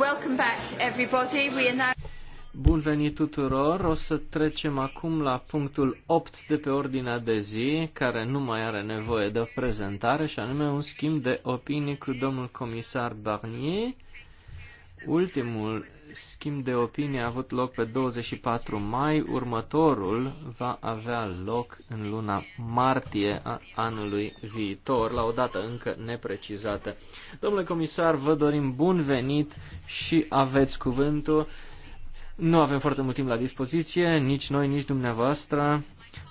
Welcome back everybody. We are now... Bun venit tuturor! O să trecem acum la punctul 8 de pe ordinea de zi, care nu mai are nevoie de o prezentare, și anume un schimb de opinii cu domnul comisar Barnier Ultimul schimb de opinie a avut loc pe 24 mai, următorul va avea loc în luna martie a anului viitor, la o dată încă neprecizată. Domnule comisar, vă dorim bun venit și aveți cuvântul. Nu avem foarte mult timp la dispoziție, nici noi, nici dumneavoastră,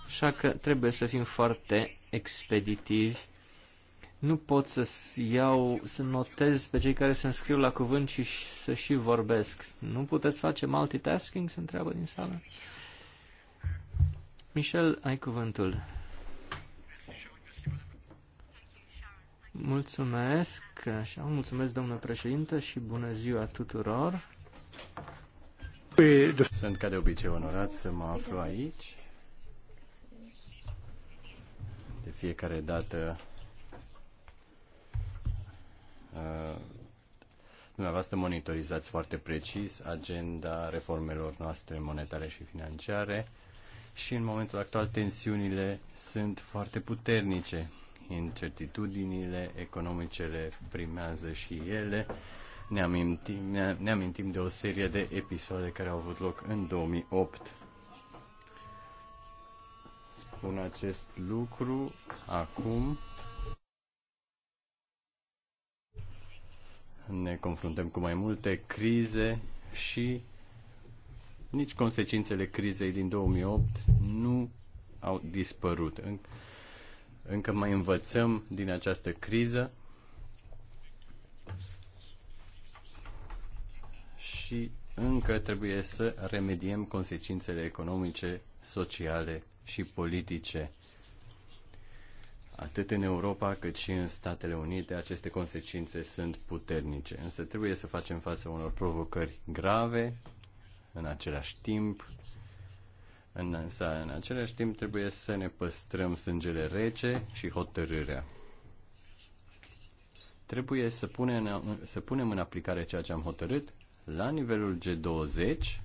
așa că trebuie să fim foarte expeditivi nu pot să iau, să notez pe cei care se înscriu la cuvânt și să și vorbesc. Nu puteți face multitasking? Se întreabă din sală. Michel, ai cuvântul. Mulțumesc, așa, mulțumesc domnule președinte și bună ziua tuturor. Sunt ca de obicei onorat să mă aflu aici. De fiecare dată Uh, dumneavoastră monitorizați foarte precis agenda reformelor noastre monetare și financiare și în momentul actual tensiunile sunt foarte puternice. Incertitudinile economice le primează și ele. Ne amintim, ne amintim de o serie de episoade care au avut loc în 2008. Spun acest lucru acum ne confruntăm cu mai multe crize și nici consecințele crizei din 2008 nu au dispărut. Încă mai învățăm din această criză și încă trebuie să remediem consecințele economice, sociale și politice Atât în Europa cât și în Statele Unite aceste consecințe sunt puternice, însă trebuie să facem față unor provocări grave în același timp. În, însă, în același timp trebuie să ne păstrăm sângele rece și hotărârea. Trebuie să punem, în, să punem în aplicare ceea ce am hotărât la nivelul G20,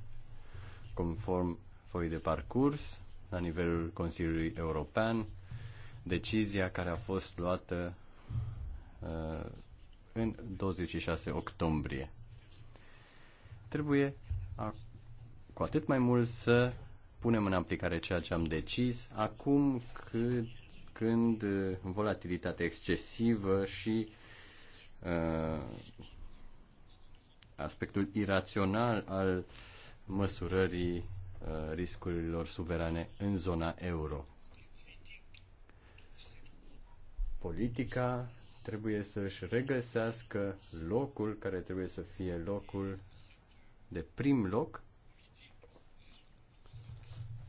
conform foi de parcurs, la nivelul Consiliului European, decizia care a fost luată uh, în 26 octombrie. Trebuie a, cu atât mai mult să punem în aplicare ceea ce am decis acum că, când uh, volatilitatea excesivă și uh, aspectul irațional al măsurării uh, riscurilor suverane în zona euro politica trebuie să își regăsească locul care trebuie să fie locul de prim loc,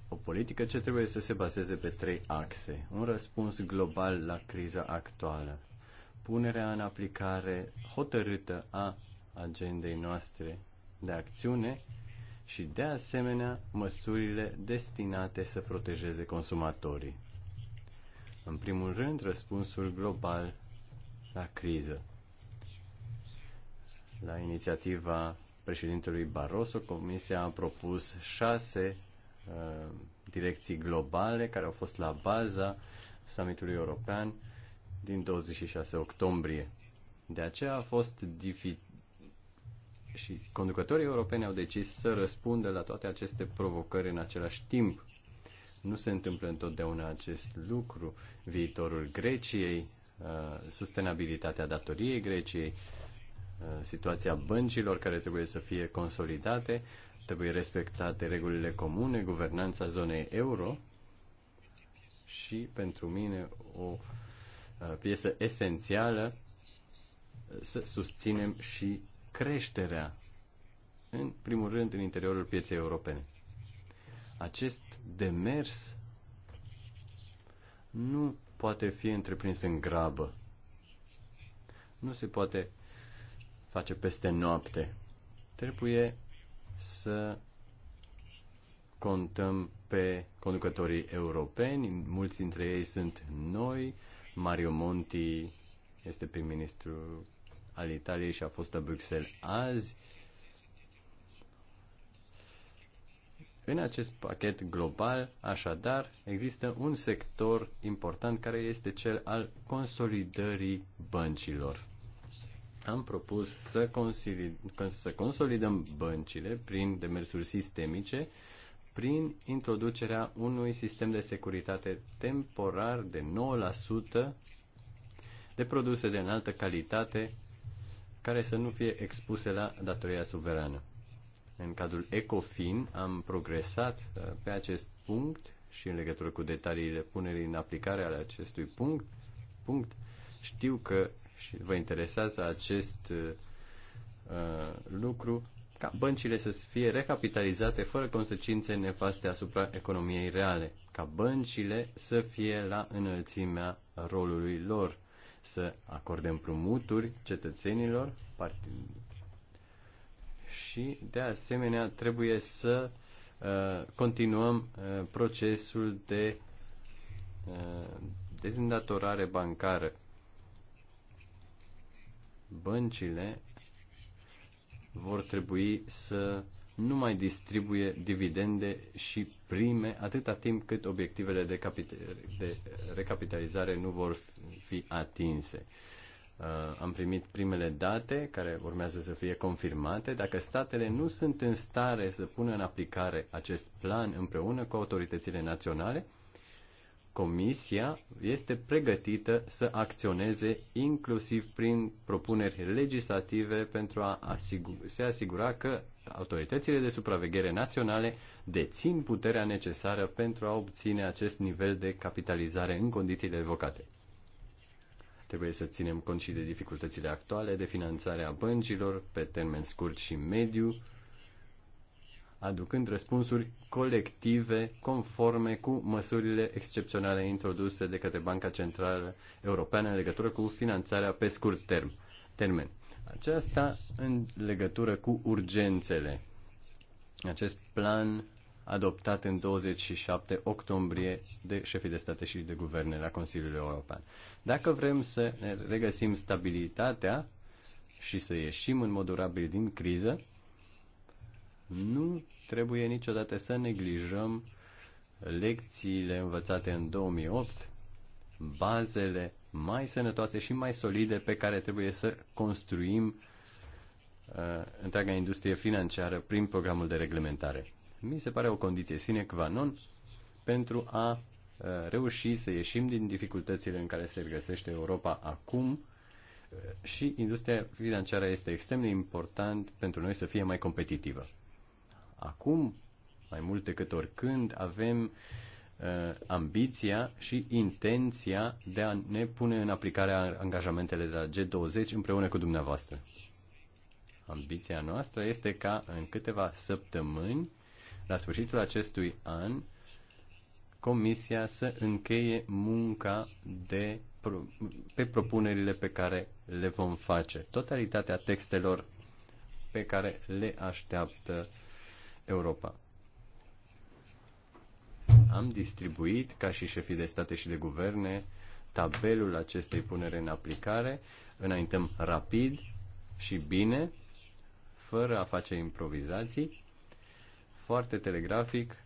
o politică ce trebuie să se bazeze pe trei axe. Un răspuns global la criza actuală, punerea în aplicare hotărâtă a agendei noastre de acțiune și, de asemenea, măsurile destinate să protejeze consumatorii. În primul rând, răspunsul global la criză. La inițiativa președintelui Barroso, Comisia a propus șase uh, direcții globale care au fost la baza summitului european din 26 octombrie. De aceea a fost dificil și conducătorii europeni au decis să răspundă la toate aceste provocări în același timp. Nu se întâmplă întotdeauna acest lucru. Viitorul Greciei, uh, sustenabilitatea datoriei Greciei, uh, situația băncilor care trebuie să fie consolidate, trebuie respectate regulile comune, guvernanța zonei euro și pentru mine o uh, piesă esențială să susținem și creșterea, în primul rând, în interiorul pieței europene. Acest demers nu poate fi întreprins în grabă. Nu se poate face peste noapte. Trebuie să contăm pe conducătorii europeni, mulți dintre ei sunt noi. Mario Monti este prim-ministru al Italiei și a fost la Bruxelles azi. În acest pachet global, așadar, există un sector important care este cel al consolidării băncilor. Am propus să, să consolidăm băncile prin demersuri sistemice, prin introducerea unui sistem de securitate temporar de 9% de produse de înaltă calitate care să nu fie expuse la datoria suverană. În cadrul ECOFIN am progresat uh, pe acest punct și în legătură cu detaliile punerii în aplicare ale acestui punct. punct știu că și vă interesează acest uh, uh, lucru ca băncile să fie recapitalizate fără consecințe nefaste asupra economiei reale, ca băncile să fie la înălțimea rolului lor, să acorde împrumuturi cetățenilor, și, de asemenea, trebuie să uh, continuăm uh, procesul de uh, dezindatorare bancară. Băncile vor trebui să nu mai distribuie dividende și prime atâta timp cât obiectivele de, de recapitalizare nu vor fi atinse. Uh, Uh, am primit primele date care urmează să fie confirmate. Dacă statele nu sunt în stare să pună în aplicare acest plan împreună cu autoritățile naționale, Comisia este pregătită să acționeze inclusiv prin propuneri legislative pentru a asigur, se asigura că autoritățile de supraveghere naționale dețin puterea necesară pentru a obține acest nivel de capitalizare în condițiile evocate. Trebuie să ținem cont și de dificultățile actuale de finanțare a băncilor pe termen scurt și mediu, aducând răspunsuri colective conforme cu măsurile excepționale introduse de către Banca Centrală Europeană în legătură cu finanțarea pe scurt term, termen. Aceasta în legătură cu urgențele. Acest plan adoptat în 27 octombrie de șefii de state și de guverne la Consiliul European. Dacă vrem să ne regăsim stabilitatea și să ieșim în mod durabil din criză, nu trebuie niciodată să neglijăm lecțiile învățate în 2008, bazele mai sănătoase și mai solide pe care trebuie să construim uh, întreaga industrie financiară prin programul de reglementare mi se pare o condiție sine qua non pentru a uh, reuși să ieșim din dificultățile în care se găsește Europa acum uh, și industria financiară este extrem de important pentru noi să fie mai competitivă. Acum, mai mult decât oricând, avem uh, ambiția și intenția de a ne pune în aplicare angajamentele de la G20 împreună cu dumneavoastră. Ambiția noastră este ca în câteva săptămâni la sfârșitul acestui an, Comisia să încheie munca de, pe propunerile pe care le vom face, totalitatea textelor pe care le așteaptă Europa. Am distribuit, ca și șefii de state și de guverne, tabelul acestei punere în aplicare. Înaintăm rapid și bine, fără a face improvizații foarte telegrafic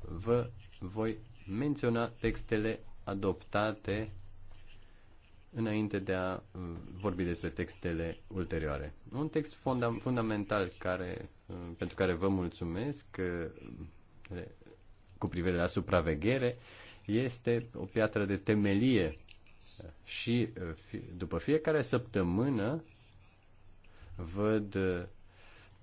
vă voi menționa textele adoptate înainte de a uh, vorbi despre textele ulterioare. Un text funda- fundamental care, uh, pentru care vă mulțumesc uh, cu privire la supraveghere este o piatră de temelie și după fiecare săptămână văd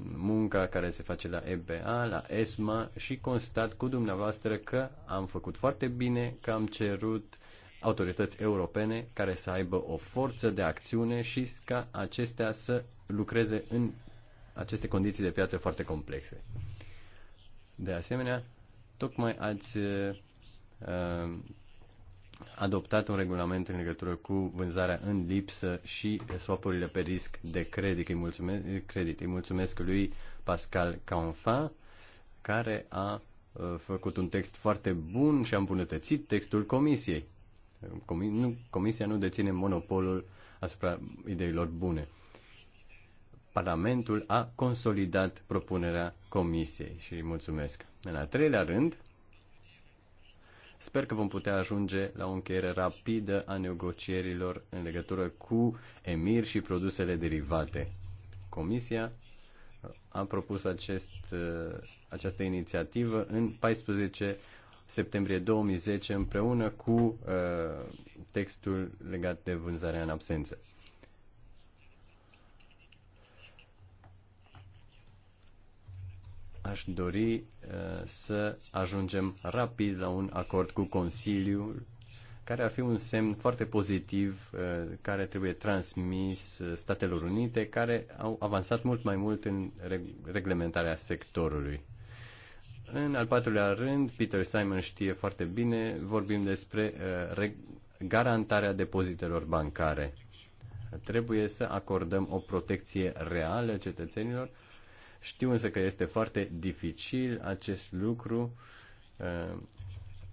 munca care se face la EBA, la ESMA și constat cu dumneavoastră că am făcut foarte bine, că am cerut autorități europene care să aibă o forță de acțiune și ca acestea să lucreze în aceste condiții de piață foarte complexe. De asemenea, tocmai ați uh, adoptat un regulament în legătură cu vânzarea în lipsă și swapurile pe risc de credit. Îi mulțumesc, credit. Îi mulțumesc lui Pascal Canfa, care a uh, făcut un text foarte bun și a îmbunătățit textul comisiei. Comisia nu deține monopolul asupra ideilor bune. Parlamentul a consolidat propunerea comisiei și îi mulțumesc. În al treilea rând, Sper că vom putea ajunge la o încheiere rapidă a negocierilor în legătură cu EMIR și produsele derivate. Comisia uh, a propus acest, uh, această inițiativă în 14 septembrie 2010 împreună cu uh, textul legat de vânzarea în absență. Aș dori uh, să ajungem rapid la un acord cu Consiliul, care ar fi un semn foarte pozitiv uh, care trebuie transmis uh, Statelor Unite, care au avansat mult mai mult în reglementarea sectorului. În al patrulea rând, Peter Simon știe foarte bine, vorbim despre garantarea depozitelor bancare. Trebuie să acordăm o protecție reală cetățenilor știu însă că este foarte dificil acest lucru. Uh,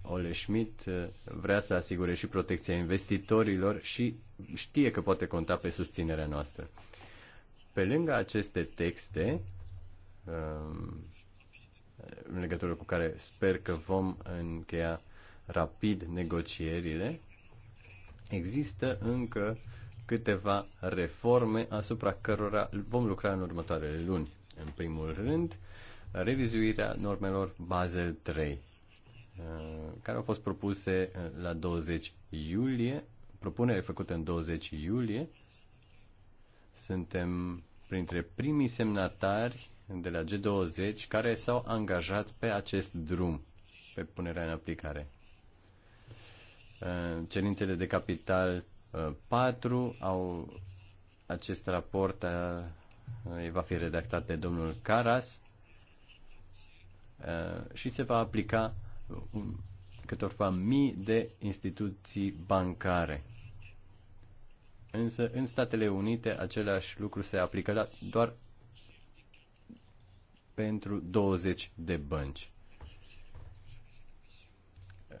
Ole Schmidt uh, vrea să asigure și protecția investitorilor și știe că poate conta pe susținerea noastră. Pe lângă aceste texte, um, în legătură cu care sper că vom încheia rapid negocierile, există încă câteva reforme asupra cărora vom lucra în următoarele luni. În primul rând, revizuirea normelor Basel 3, uh, care au fost propuse uh, la 20 iulie, propunere făcută în 20 iulie. Suntem printre primii semnatari de la G20 care s-au angajat pe acest drum, pe punerea în aplicare. Uh, cerințele de capital 4 au acest raport a va fi redactat de domnul Caras uh, și se va aplica um, câtorva mii de instituții bancare. Însă, în Statele Unite, același lucru se aplică la doar pentru 20 de bănci.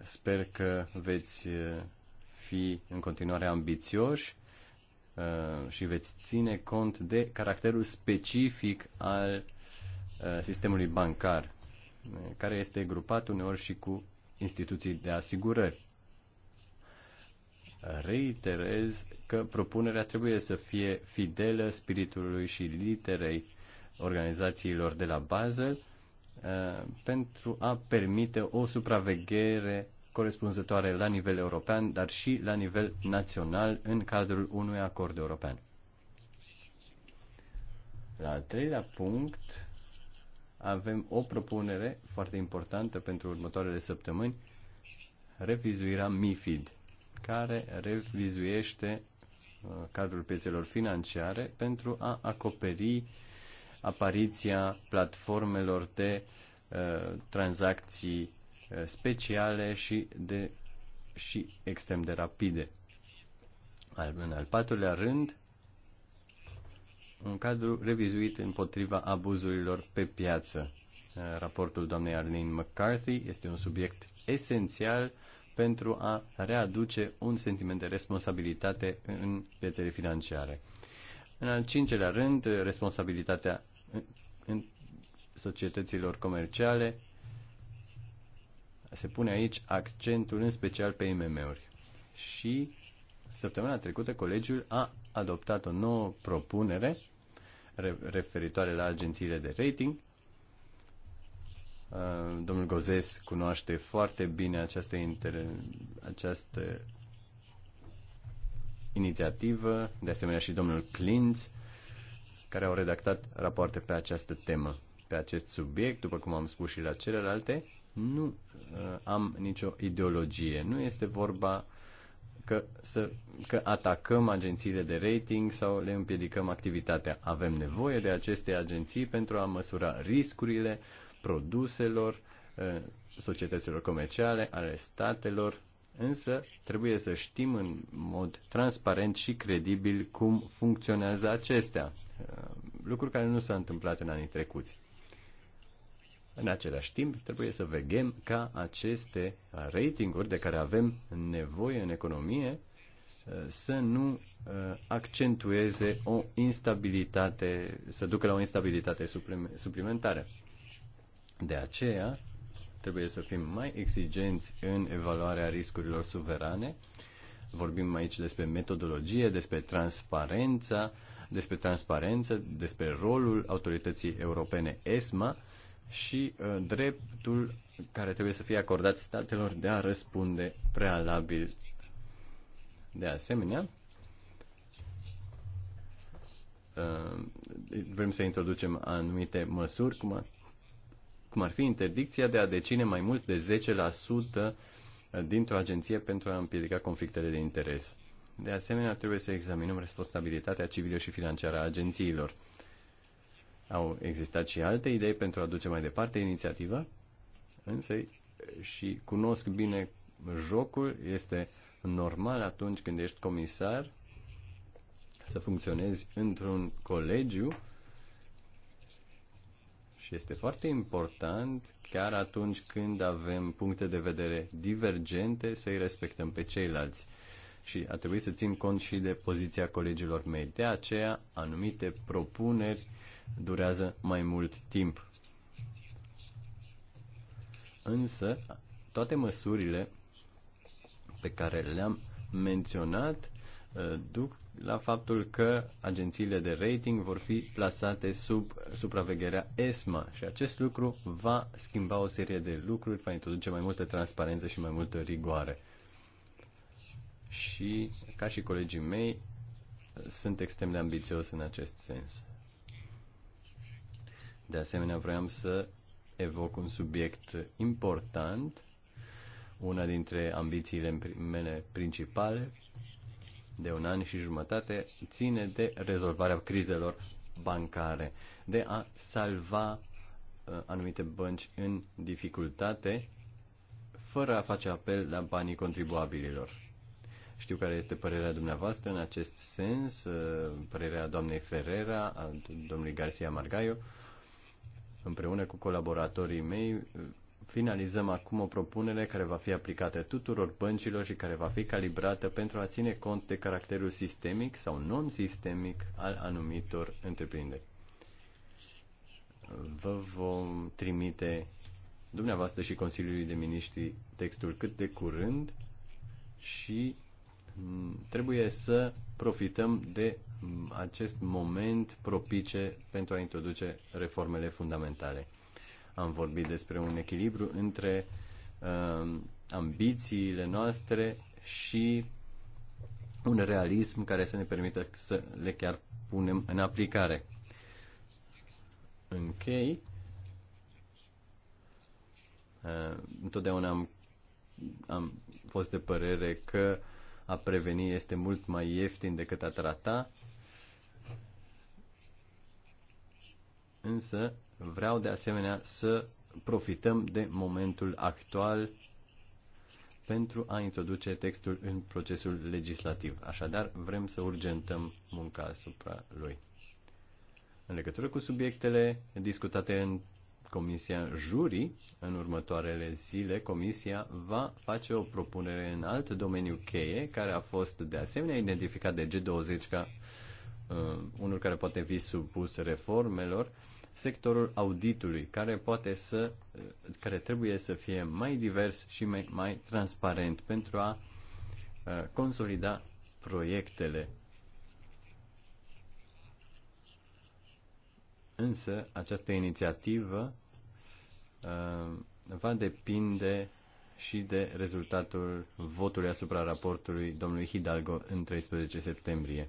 Sper că veți uh, fi în continuare ambițioși Uh, și veți ține cont de caracterul specific al uh, sistemului bancar, uh, care este grupat uneori și cu instituții de asigurări. Reiterez că propunerea trebuie să fie fidelă spiritului și literei organizațiilor de la Basel pentru a permite o supraveghere corespunzătoare la nivel european, dar și la nivel național în cadrul unui acord european. La al treilea punct avem o propunere foarte importantă pentru următoarele săptămâni, revizuirea MIFID, care revizuiește uh, cadrul piețelor financiare pentru a acoperi apariția platformelor de uh, tranzacții Eh, speciale și, de, și extrem de rapide. În al patrulea rând, un cadru revizuit împotriva abuzurilor pe piață. Eh, raportul doamnei Arlene McCarthy este un subiect esențial pentru a readuce un sentiment de responsabilitate în piețele financiare. În al cincelea rând, responsabilitatea în societăților comerciale se pune aici accentul în special pe IMM-uri. Și săptămâna trecută colegiul a adoptat o nouă propunere referitoare la agențiile de rating. Uh, domnul Gozes cunoaște foarte bine această, inter... această inițiativă, de asemenea și domnul Klintz, care au redactat rapoarte pe această temă, pe acest subiect, după cum am spus și la celelalte, nu uh, am nicio ideologie. Nu este vorba că, să, că atacăm agențiile de rating sau le împiedicăm activitatea. Avem nevoie de aceste agenții pentru a măsura riscurile produselor, uh, societăților comerciale, ale statelor, însă trebuie să știm în mod transparent și credibil cum funcționează acestea, uh, lucruri care nu s au întâmplat în anii trecuți. În același timp, trebuie să vegem ca aceste ratinguri de care avem nevoie în economie uh, să nu uh, accentueze o instabilitate, să ducă la o instabilitate suplimentară. De aceea, trebuie să fim mai exigenți în evaluarea riscurilor suverane. Vorbim aici despre metodologie, despre transparența, despre transparență, despre rolul autorității europene ESMA și uh, dreptul care trebuie să fie acordat statelor de a răspunde prealabil. De asemenea, uh, vrem să introducem anumite măsuri, cum ar, cum ar fi interdicția de a decine mai mult de 10% dintr-o agenție pentru a împiedica conflictele de interes. De asemenea, trebuie să examinăm responsabilitatea civilă și financiară a agențiilor. Au existat și alte idei pentru a duce mai departe inițiativa, însă și cunosc bine jocul, este normal atunci când ești comisar să funcționezi într-un colegiu și este foarte important, chiar atunci când avem puncte de vedere divergente, să-i respectăm pe ceilalți. Și a trebuit să țin cont și de poziția colegilor mei. De aceea, anumite propuneri durează mai mult timp. Însă, toate măsurile pe care le-am menționat uh, duc la faptul că agențiile de rating vor fi plasate sub supravegherea ESMA și acest lucru va schimba o serie de lucruri, va introduce mai multă transparență și mai multă rigoare. Și, ca și colegii mei, sunt extrem de ambițios în acest sens. De asemenea, vreau să evoc un subiect important, una dintre ambițiile mele principale de un an și jumătate ține de rezolvarea crizelor bancare, de a salva uh, anumite bănci în dificultate fără a face apel la banii contribuabililor. Știu care este părerea dumneavoastră în acest sens, uh, părerea doamnei Ferrera, a domnului Garcia Margaio, Împreună cu colaboratorii mei, finalizăm acum o propunere care va fi aplicată tuturor băncilor și care va fi calibrată pentru a ține cont de caracterul sistemic sau non-sistemic al anumitor întreprinderi. Vă vom trimite dumneavoastră și Consiliului de Miniștri textul cât de curând și trebuie să profităm de acest moment propice pentru a introduce reformele fundamentale. Am vorbit despre un echilibru între uh, ambițiile noastre și un realism care să ne permită să le chiar punem în aplicare. Închei. Uh, întotdeauna am, am fost de părere că a preveni este mult mai ieftin decât a trata însă vreau de asemenea să profităm de momentul actual pentru a introduce textul în procesul legislativ. Așadar, vrem să urgentăm munca asupra lui. În legătură cu subiectele discutate în Comisia Juri, în următoarele zile, Comisia va face o propunere în alt domeniu cheie, care a fost de asemenea identificat de G20 ca uh, unul care poate fi supus reformelor, uh, sectorul auditului, care poate să, care trebuie să fie mai divers și mai, mai transparent pentru a consolida proiectele. Însă, această inițiativă va depinde și de rezultatul votului asupra raportului domnului Hidalgo în 13 septembrie.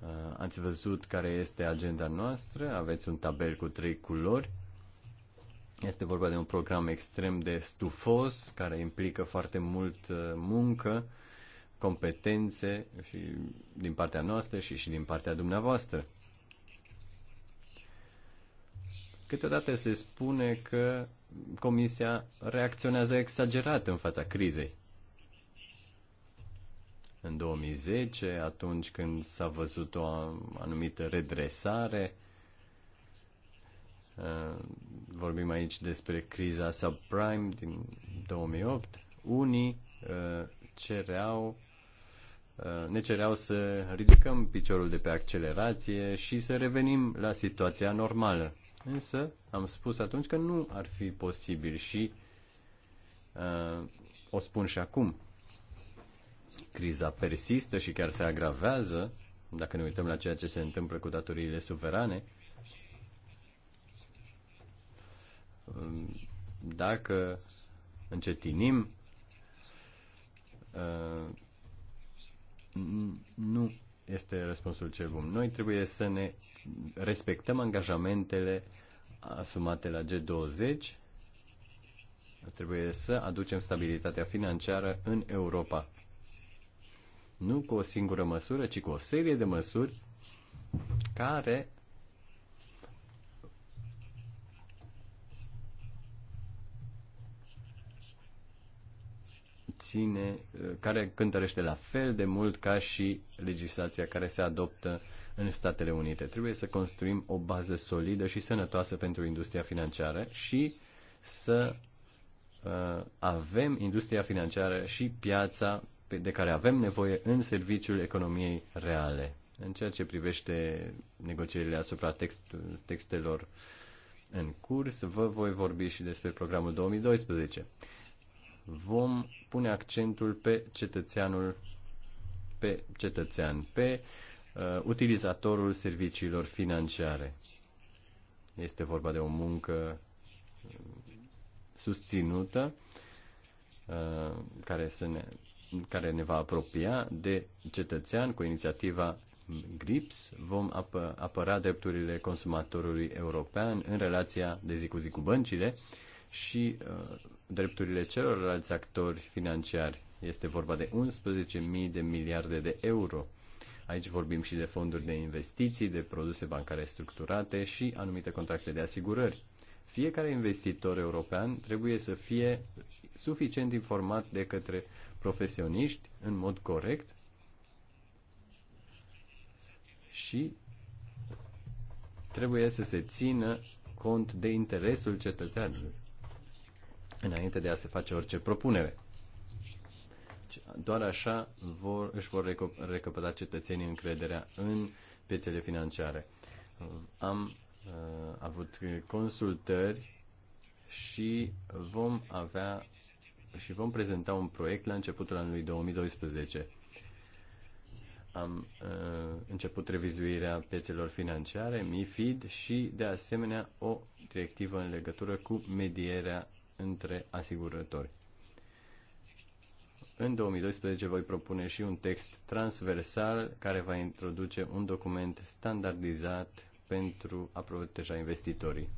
Uh, ați văzut care este agenda noastră, aveți un tabel cu trei culori. Este vorba de un program extrem de stufos, care implică foarte mult uh, muncă, competențe și din partea noastră și și din partea dumneavoastră. Câteodată se spune că Comisia reacționează exagerat în fața crizei în 2010, atunci când s-a văzut o anumită redresare. Uh, vorbim aici despre criza subprime din 2008. Unii uh, cereau, uh, ne cereau să ridicăm piciorul de pe accelerație și să revenim la situația normală. Însă am spus atunci că nu ar fi posibil și uh, o spun și acum criza persistă și chiar se agravează, dacă ne uităm la ceea ce se întâmplă cu datoriile suverane, dacă încetinim, uh, nu este răspunsul cel bun. Noi trebuie să ne respectăm angajamentele asumate la G20, trebuie să aducem stabilitatea financiară în Europa nu cu o singură măsură, ci cu o serie de măsuri care ține, care cântărește la fel de mult ca și legislația care se adoptă în Statele Unite. Trebuie să construim o bază solidă și sănătoasă pentru industria financiară și să uh, avem industria financiară și piața de care avem nevoie în serviciul economiei reale. În ceea ce privește negocierile asupra text, textelor în curs, vă voi vorbi și despre programul 2012. Vom pune accentul pe cetățeanul, pe cetățean, pe uh, utilizatorul serviciilor financiare. Este vorba de o muncă uh, susținută uh, care să ne care ne va apropia de cetățean cu inițiativa GRIPS, vom ap- apăra drepturile consumatorului european în relația de zi cu zi cu băncile și uh, drepturile celorlalți actori financiari. Este vorba de 11.000 de miliarde de euro. Aici vorbim și de fonduri de investiții, de produse bancare structurate și anumite contracte de asigurări. Fiecare investitor european trebuie să fie suficient informat de către profesioniști în mod corect și trebuie să se țină cont de interesul cetățeanului înainte de a se face orice propunere. Doar așa vor, își vor recăpăta cetățenii încrederea în piețele financiare. Am uh, avut consultări și vom avea și vom prezenta un proiect la începutul anului 2012. Am uh, început revizuirea piețelor financiare, MIFID și, de asemenea, o directivă în legătură cu medierea între asigurători. În 2012 voi propune și un text transversal care va introduce un document standardizat pentru a proteja investitorii.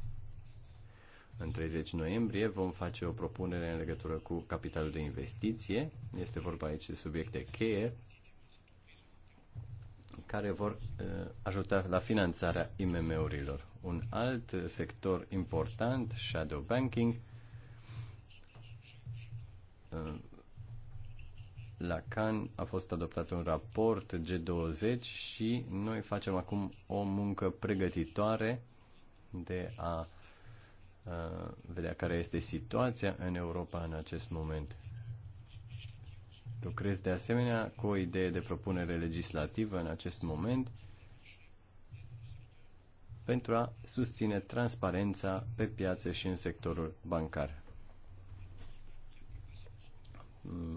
În 30 noiembrie vom face o propunere în legătură cu capitalul de investiție. Este vorba aici de subiecte cheie care vor uh, ajuta la finanțarea IMM-urilor. Un alt sector important, shadow banking, uh, la Cannes a fost adoptat un raport G20 și noi facem acum o muncă pregătitoare de a uh, vedea care este situația în Europa în acest moment. Lucrez de asemenea cu o idee de propunere legislativă în acest moment pentru a susține transparența pe piață și în sectorul bancar.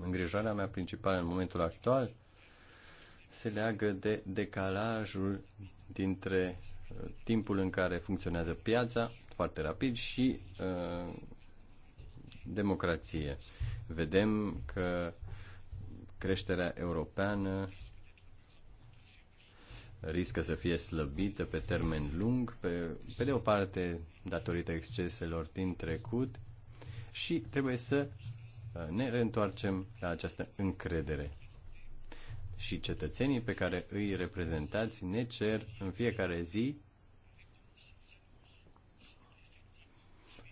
Îngrijorarea mea principală în momentul actual se leagă de decalajul dintre timpul în care funcționează piața foarte rapid și uh, democrație. Vedem că creșterea europeană riscă să fie slăbită pe termen lung, pe, pe de o parte datorită exceselor din trecut și trebuie să uh, ne reîntoarcem la această încredere. Și cetățenii pe care îi reprezentați ne cer în fiecare zi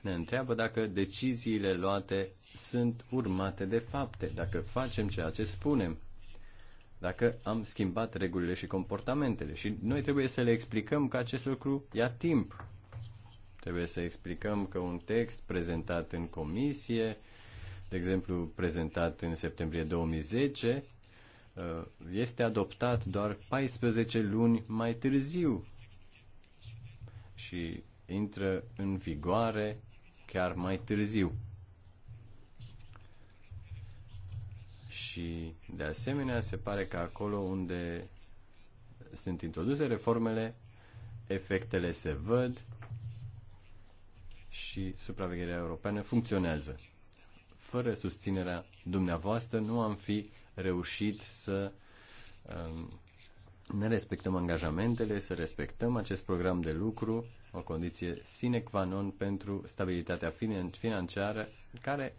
ne întreabă dacă deciziile luate sunt urmate de fapte, dacă facem ceea ce spunem, dacă am schimbat regulile și comportamentele. Și noi trebuie să le explicăm că acest lucru ia timp. Trebuie să explicăm că un text prezentat în comisie, de exemplu prezentat în septembrie 2010, uh, este adoptat doar 14 luni mai târziu și intră în vigoare chiar mai târziu. Și, de asemenea, se pare că acolo unde sunt introduse reformele, efectele se văd și supravegherea europeană funcționează. Fără susținerea dumneavoastră nu am fi reușit să um, ne respectăm angajamentele, să respectăm acest program de lucru o condiție sine qua non pentru stabilitatea financiară care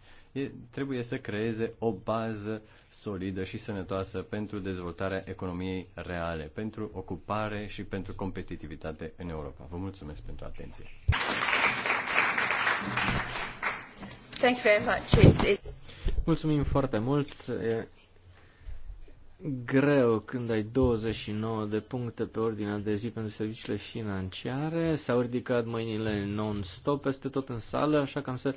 trebuie să creeze o bază solidă și sănătoasă pentru dezvoltarea economiei reale, pentru ocupare și pentru competitivitate în Europa. Vă mulțumesc pentru atenție. Thank you very much. Mulțumim foarte mult. E greu când ai 29 de puncte pe ordinea de zi pentru serviciile financiare. S-au ridicat mâinile non-stop peste tot în sală, așa că am să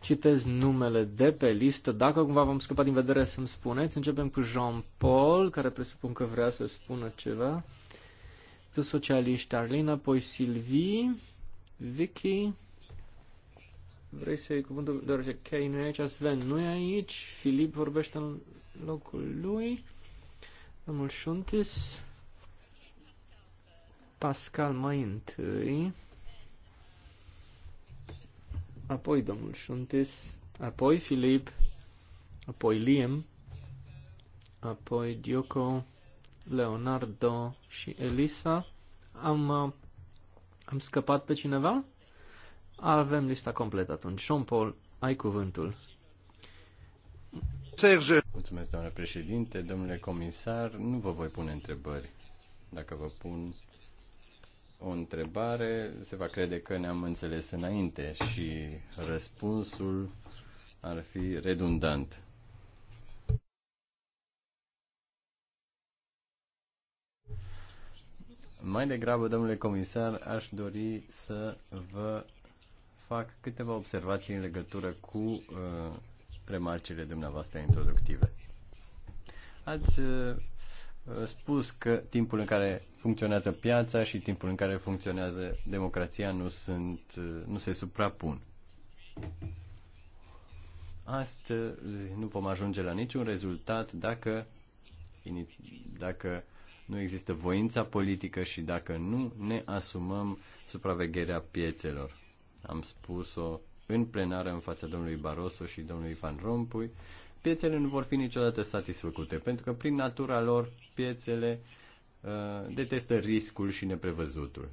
citez numele de pe listă. Dacă cumva v-am scăpat din vedere să-mi spuneți, începem cu Jean-Paul, care presupun că vrea să spună ceva. Tu socialiști, Arlina, apoi Sylvie, Vicky, Vrei să iei cuvântul, deoarece Kay nu e aici, Sven nu e aici, Filip vorbește în locul lui. Domnul Șuntis. Pascal mai întâi. Apoi domnul Șuntis. Apoi Filip. Apoi Liam. Apoi Dioco. Leonardo și Elisa. Am, am scăpat pe cineva? Avem lista completă atunci. Jean-Paul, ai cuvântul. Serge. Mulțumesc, doamnă președinte, domnule comisar. Nu vă voi pune întrebări. Dacă vă pun o întrebare, se va crede că ne-am înțeles înainte și răspunsul ar fi redundant. Mai degrabă, domnule comisar, aș dori să vă fac câteva observații în legătură cu uh, remarcile dumneavoastră introductive. Ați uh, spus că timpul în care funcționează piața și timpul în care funcționează democrația nu, sunt, uh, nu se suprapun. Astăzi nu vom ajunge la niciun rezultat dacă, dacă nu există voința politică și dacă nu ne asumăm supravegherea piețelor. Am spus-o în plenară în fața domnului Barroso și domnului Van Rompuy, piețele nu vor fi niciodată satisfăcute, pentru că prin natura lor piețele uh, detestă riscul și neprevăzutul.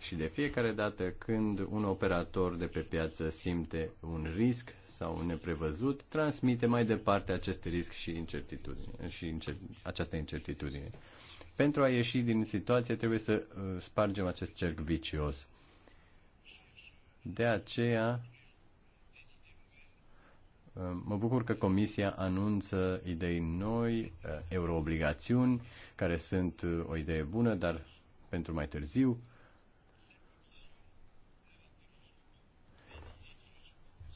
Și de fiecare dată când un operator de pe piață simte un risc sau un neprevăzut, transmite mai departe acest risc și, incertitudine, și incer- această incertitudine. Pentru a ieși din situație trebuie să uh, spargem acest cerc vicios. De aceea Mă bucur că Comisia anunță idei noi, eh, euroobligațiuni, care sunt eh, o idee bună, dar pentru mai târziu.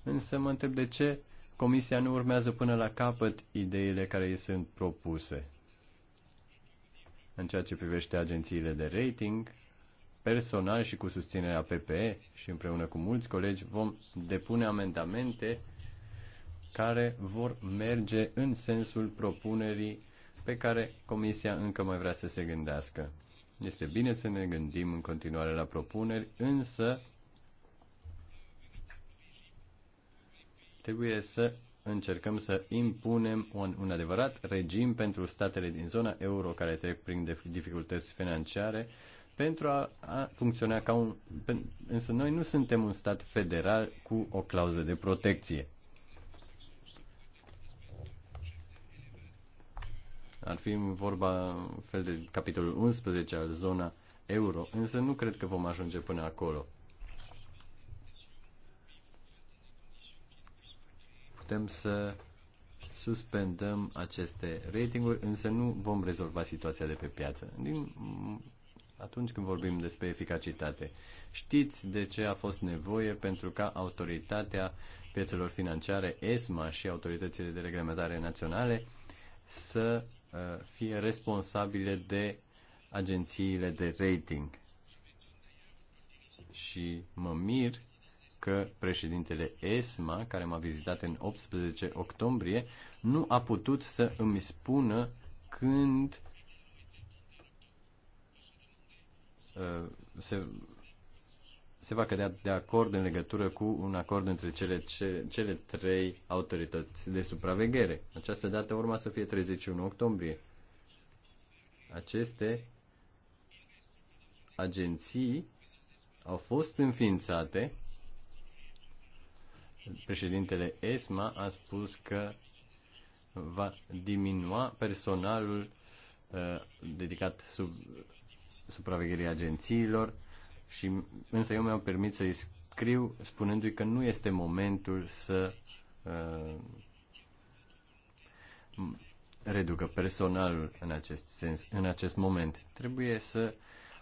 Însă mă întreb de ce Comisia nu urmează până la capăt ideile care îi sunt propuse. În ceea ce privește agențiile de rating, personal și cu susținerea PPE și împreună cu mulți colegi vom depune amendamente care vor merge în sensul propunerii pe care Comisia încă mai vrea să se gândească. Este bine să ne gândim în continuare la propuneri, însă trebuie să încercăm să impunem un, un adevărat regim pentru statele din zona euro care trec prin dificultăți financiare pentru a, a funcționa ca un. Însă noi nu suntem un stat federal cu o clauză de protecție. Ar fi vorba fel de capitolul 11 al zona euro, însă nu cred că vom ajunge până acolo. Putem să suspendăm aceste ratinguri, însă nu vom rezolva situația de pe piață. Din, atunci când vorbim despre eficacitate, știți de ce a fost nevoie pentru ca autoritatea piețelor financiare, ESMA și autoritățile de reglementare naționale să Uh, fie responsabile de agențiile de rating. Și mă mir că președintele ESMA, care m-a vizitat în 18 octombrie, nu a putut să îmi spună când uh, se se va cădea de acord în legătură cu un acord între cele, cele, cele trei autorități de supraveghere. Această dată urma să fie 31 octombrie. Aceste agenții au fost înființate. Președintele ESMA a spus că va diminua personalul uh, dedicat sub supravegherii agențiilor și însă eu mi-am permis să-i scriu spunându-i că nu este momentul să uh, reducă personalul în acest sens, în acest moment. Trebuie să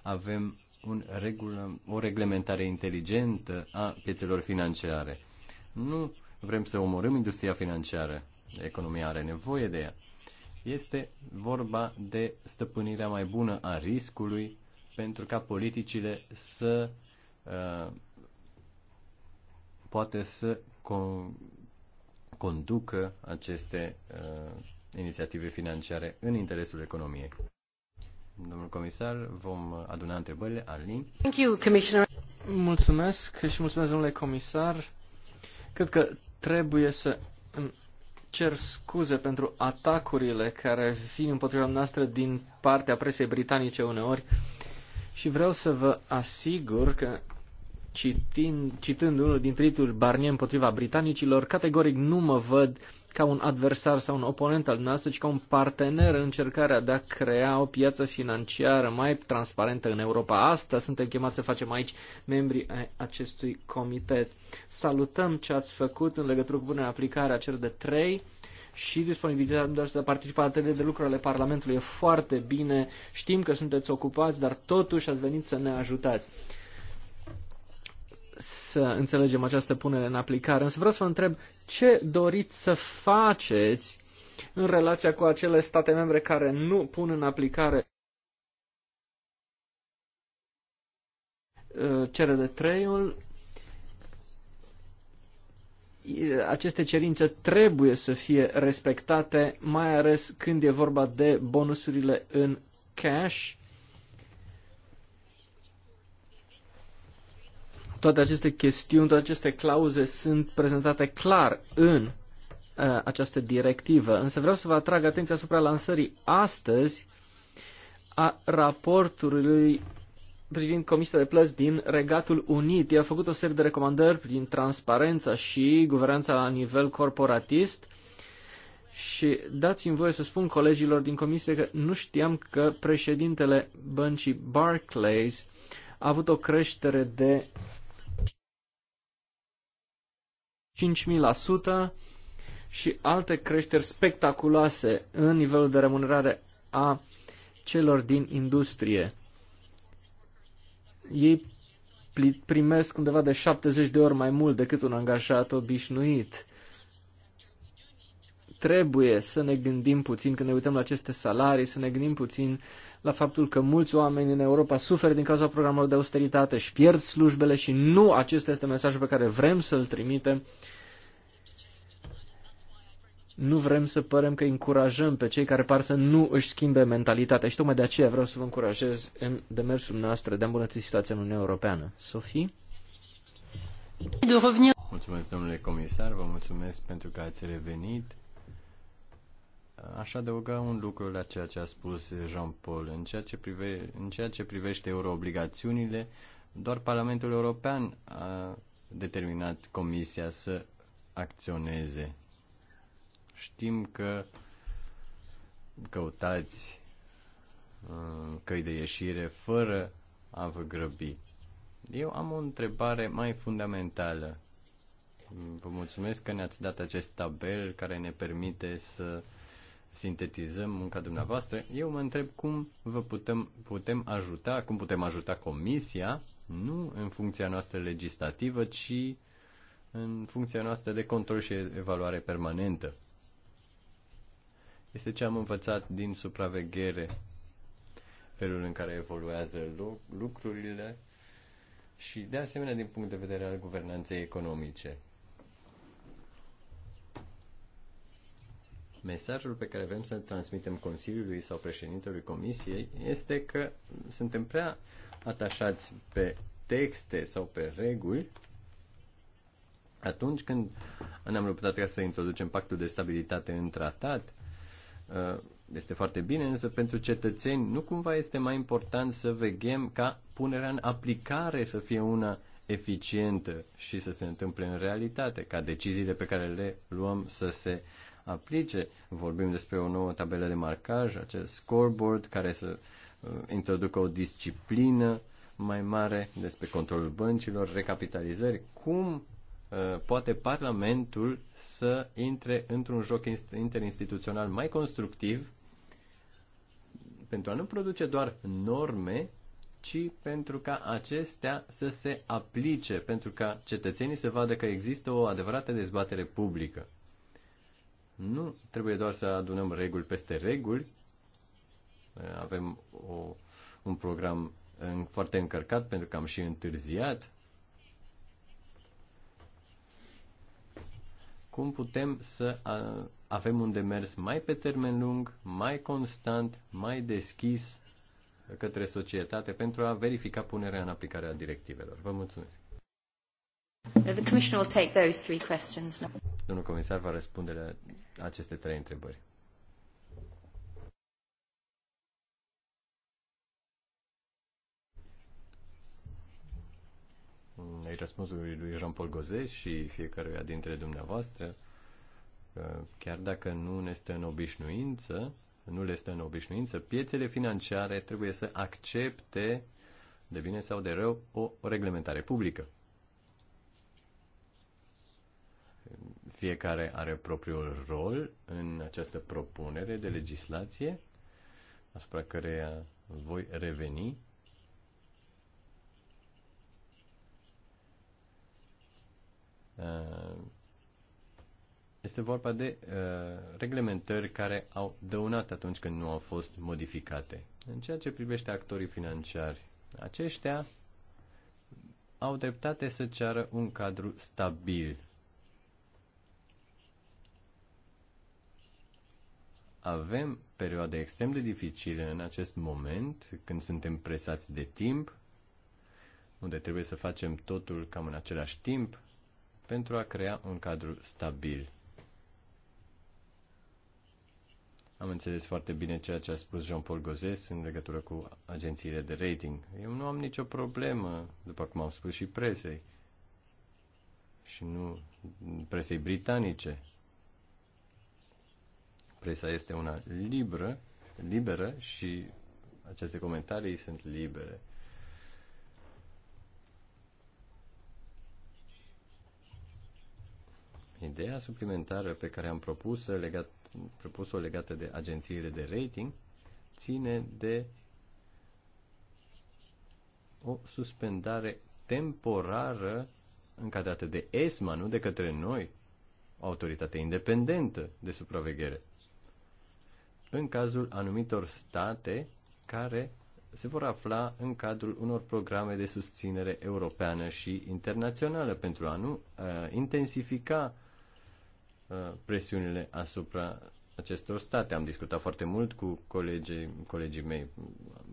avem un regulă, o reglementare inteligentă a piețelor financiare. Nu vrem să omorâm industria financiară. Economia are nevoie de ea. Este vorba de stăpânirea mai bună a riscului pentru ca politicile să uh, poate să con- conducă aceste uh, inițiative financiare în interesul economiei. Domnul comisar, vom aduna întrebările. Alin. Thank you, Commissioner. Mulțumesc și mulțumesc, domnule comisar. Cred că trebuie să cer scuze pentru atacurile care vin împotriva noastră din partea presei britanice uneori. Uh, și vreau să vă asigur că citind, citând unul din trituri Barnier împotriva britanicilor, categoric nu mă văd ca un adversar sau un oponent al noastră, ci ca un partener în încercarea de a crea o piață financiară mai transparentă în Europa. Asta suntem chemați să facem aici membrii acestui comitet. Salutăm ce ați făcut în legătură cu punerea aplicare a cer de trei și disponibilitatea de a participa atât de ale Parlamentului. E foarte bine, știm că sunteți ocupați, dar totuși ați venit să ne ajutați să înțelegem această punere în aplicare. Însă vreau să vă întreb ce doriți să faceți în relația cu acele state membre care nu pun în aplicare uh, cere de treiul aceste cerințe trebuie să fie respectate, mai ales când e vorba de bonusurile în cash. Toate aceste chestiuni, toate aceste clauze sunt prezentate clar în uh, această directivă. Însă vreau să vă atrag atenția asupra lansării astăzi a raportului privind comisia de plăți din Regatul Unit. i-a făcut o serie de recomandări prin transparența și guvernanța la nivel corporatist. Și dați-mi voie să spun colegilor din comisie că nu știam că președintele băncii Barclays a avut o creștere de 5.000% și alte creșteri spectaculoase în nivelul de remunerare a celor din industrie ei primesc undeva de 70 de ori mai mult decât un angajat obișnuit. Trebuie să ne gândim puțin când ne uităm la aceste salarii, să ne gândim puțin la faptul că mulți oameni în Europa suferă din cauza programelor de austeritate și pierd slujbele și nu acesta este mesajul pe care vrem să-l trimitem uh, nu vrem să părem că încurajăm pe cei care par să nu își schimbe mentalitatea și tocmai de aceea vreau să vă încurajez în demersul noastră de a îmbunătăți situația în Uniunea Europeană. Sofie? De revenir... Mulțumesc, domnule comisar, vă mulțumesc pentru că ați revenit. Aș adăuga un lucru la ceea ce a spus Jean-Paul. În, ceea ce prive, în ceea ce privește euroobligațiunile, doar Parlamentul European a determinat Comisia să acționeze. Știm că căutați uh, căi de ieșire fără a vă grăbi. Eu am o întrebare mai fundamentală. Vă mulțumesc că ne-ați dat acest tabel care ne permite să sintetizăm munca dumneavoastră. Eu mă întreb cum vă putem, putem ajuta, cum putem ajuta Comisia, nu în funcția noastră legislativă, ci în funcția noastră de control și evaluare permanentă este ce am învățat din supraveghere, felul în care evoluează lucrurile și, de asemenea, din punct de vedere al guvernanței economice. Mesajul pe care vrem să-l transmitem Consiliului sau președintelui Comisiei este că suntem prea atașați pe texte sau pe reguli atunci când ne-am luptat ca să introducem pactul de stabilitate în tratat, Uh, este foarte bine, însă pentru cetățeni nu cumva este mai important să veghem ca punerea în aplicare să fie una eficientă și să se întâmple în realitate, ca deciziile pe care le luăm să se aplice. Vorbim despre o nouă tabelă de marcaj, acel scoreboard care să uh, introducă o disciplină mai mare despre controlul băncilor, recapitalizări, cum Uh, poate Parlamentul să intre într-un joc interinstituțional mai constructiv pentru a nu produce doar norme, ci pentru ca acestea să se aplice, pentru ca cetățenii să vadă că există o adevărată dezbatere publică. Nu trebuie doar să adunăm reguli peste reguli. Uh, avem o, un program în, foarte încărcat pentru că am și întârziat cum putem să avem un demers mai pe termen lung, mai constant, mai deschis către societate pentru a verifica punerea în aplicare a directivelor. Vă mulțumesc. The commissioner will take those three questions Domnul comisar va răspunde la aceste trei întrebări. răspunsului lui Jean-Paul Gozes și fiecare dintre dumneavoastră, chiar dacă nu ne este în obișnuință, nu le este în obișnuință, piețele financiare trebuie să accepte, de bine sau de rău, o reglementare publică. Fiecare are propriul rol în această propunere de legislație, asupra căreia voi reveni Uh, este vorba de uh, reglementări care au dăunat atunci când nu au fost modificate. În ceea ce privește actorii financiari, aceștia au dreptate să ceară un cadru stabil. Avem perioade extrem de dificile în acest moment, când suntem presați de timp, unde trebuie să facem totul cam în același timp, pentru a crea un cadru stabil. Am înțeles foarte bine ceea ce a spus Jean-Paul Gozes în legătură cu agențiile de rating. Eu nu am nicio problemă, după cum am spus și presei, și nu presei britanice. Presa este una liberă, liberă și aceste comentarii sunt libere. Ideea suplimentară pe care am propus-o, legat, propus legată de agențiile de rating ține de o suspendare temporară încadrată de ESMA, nu de către noi, o autoritate independentă de supraveghere, în cazul anumitor state care se vor afla în cadrul unor programe de susținere europeană și internațională pentru a nu uh, intensifica uh, Uh, presiunile asupra acestor state. Am discutat foarte mult cu colegii, colegii mei.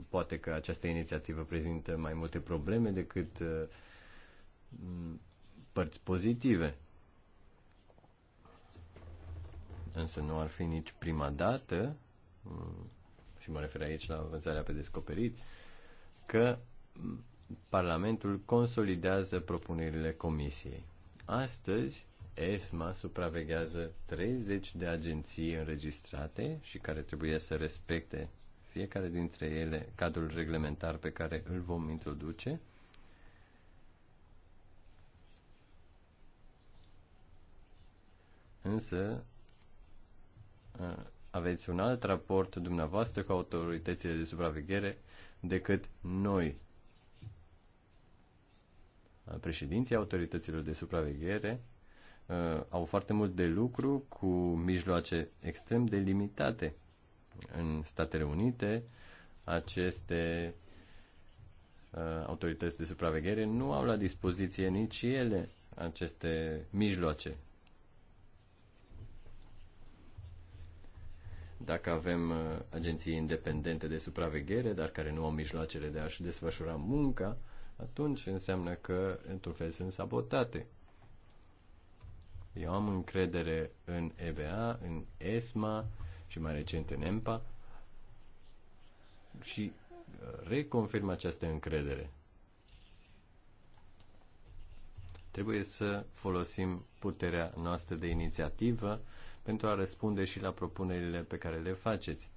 Poate că această inițiativă prezintă mai multe probleme decât uh, părți pozitive. Însă nu ar fi nici prima dată, și mă refer aici la vânzarea pe descoperit, că Parlamentul consolidează propunerile Comisiei. Astăzi ESMA supraveghează 30 de agenții înregistrate și care trebuie să respecte fiecare dintre ele cadrul reglementar pe care îl vom introduce. Însă, uh, aveți un alt raport dumneavoastră cu autoritățile de supraveghere decât noi. Președinții autorităților de supraveghere uh, au foarte mult de lucru cu mijloace extrem de limitate. În Statele Unite, aceste uh, autorități de supraveghere nu au la dispoziție nici ele aceste mijloace. Dacă avem uh, agenții independente de supraveghere, dar care nu au mijloacele de a-și desfășura munca, atunci înseamnă că, într-un fel, sunt sabotate. Eu am încredere în EBA, în ESMA și mai recent în EMPA și uh, reconfirm această încredere. Trebuie să folosim puterea noastră de inițiativă pentru a răspunde și la propunerile pe care le faceți.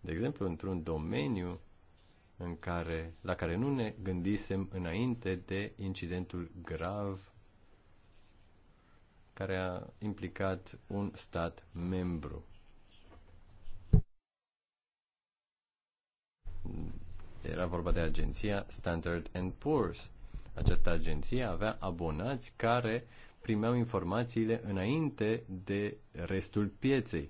De exemplu, într-un domeniu în care, la care nu ne gândisem înainte de incidentul grav care a implicat un stat membru. Era vorba de agenția Standard and Poor's. Această agenție avea abonați care primeau informațiile înainte de restul pieței.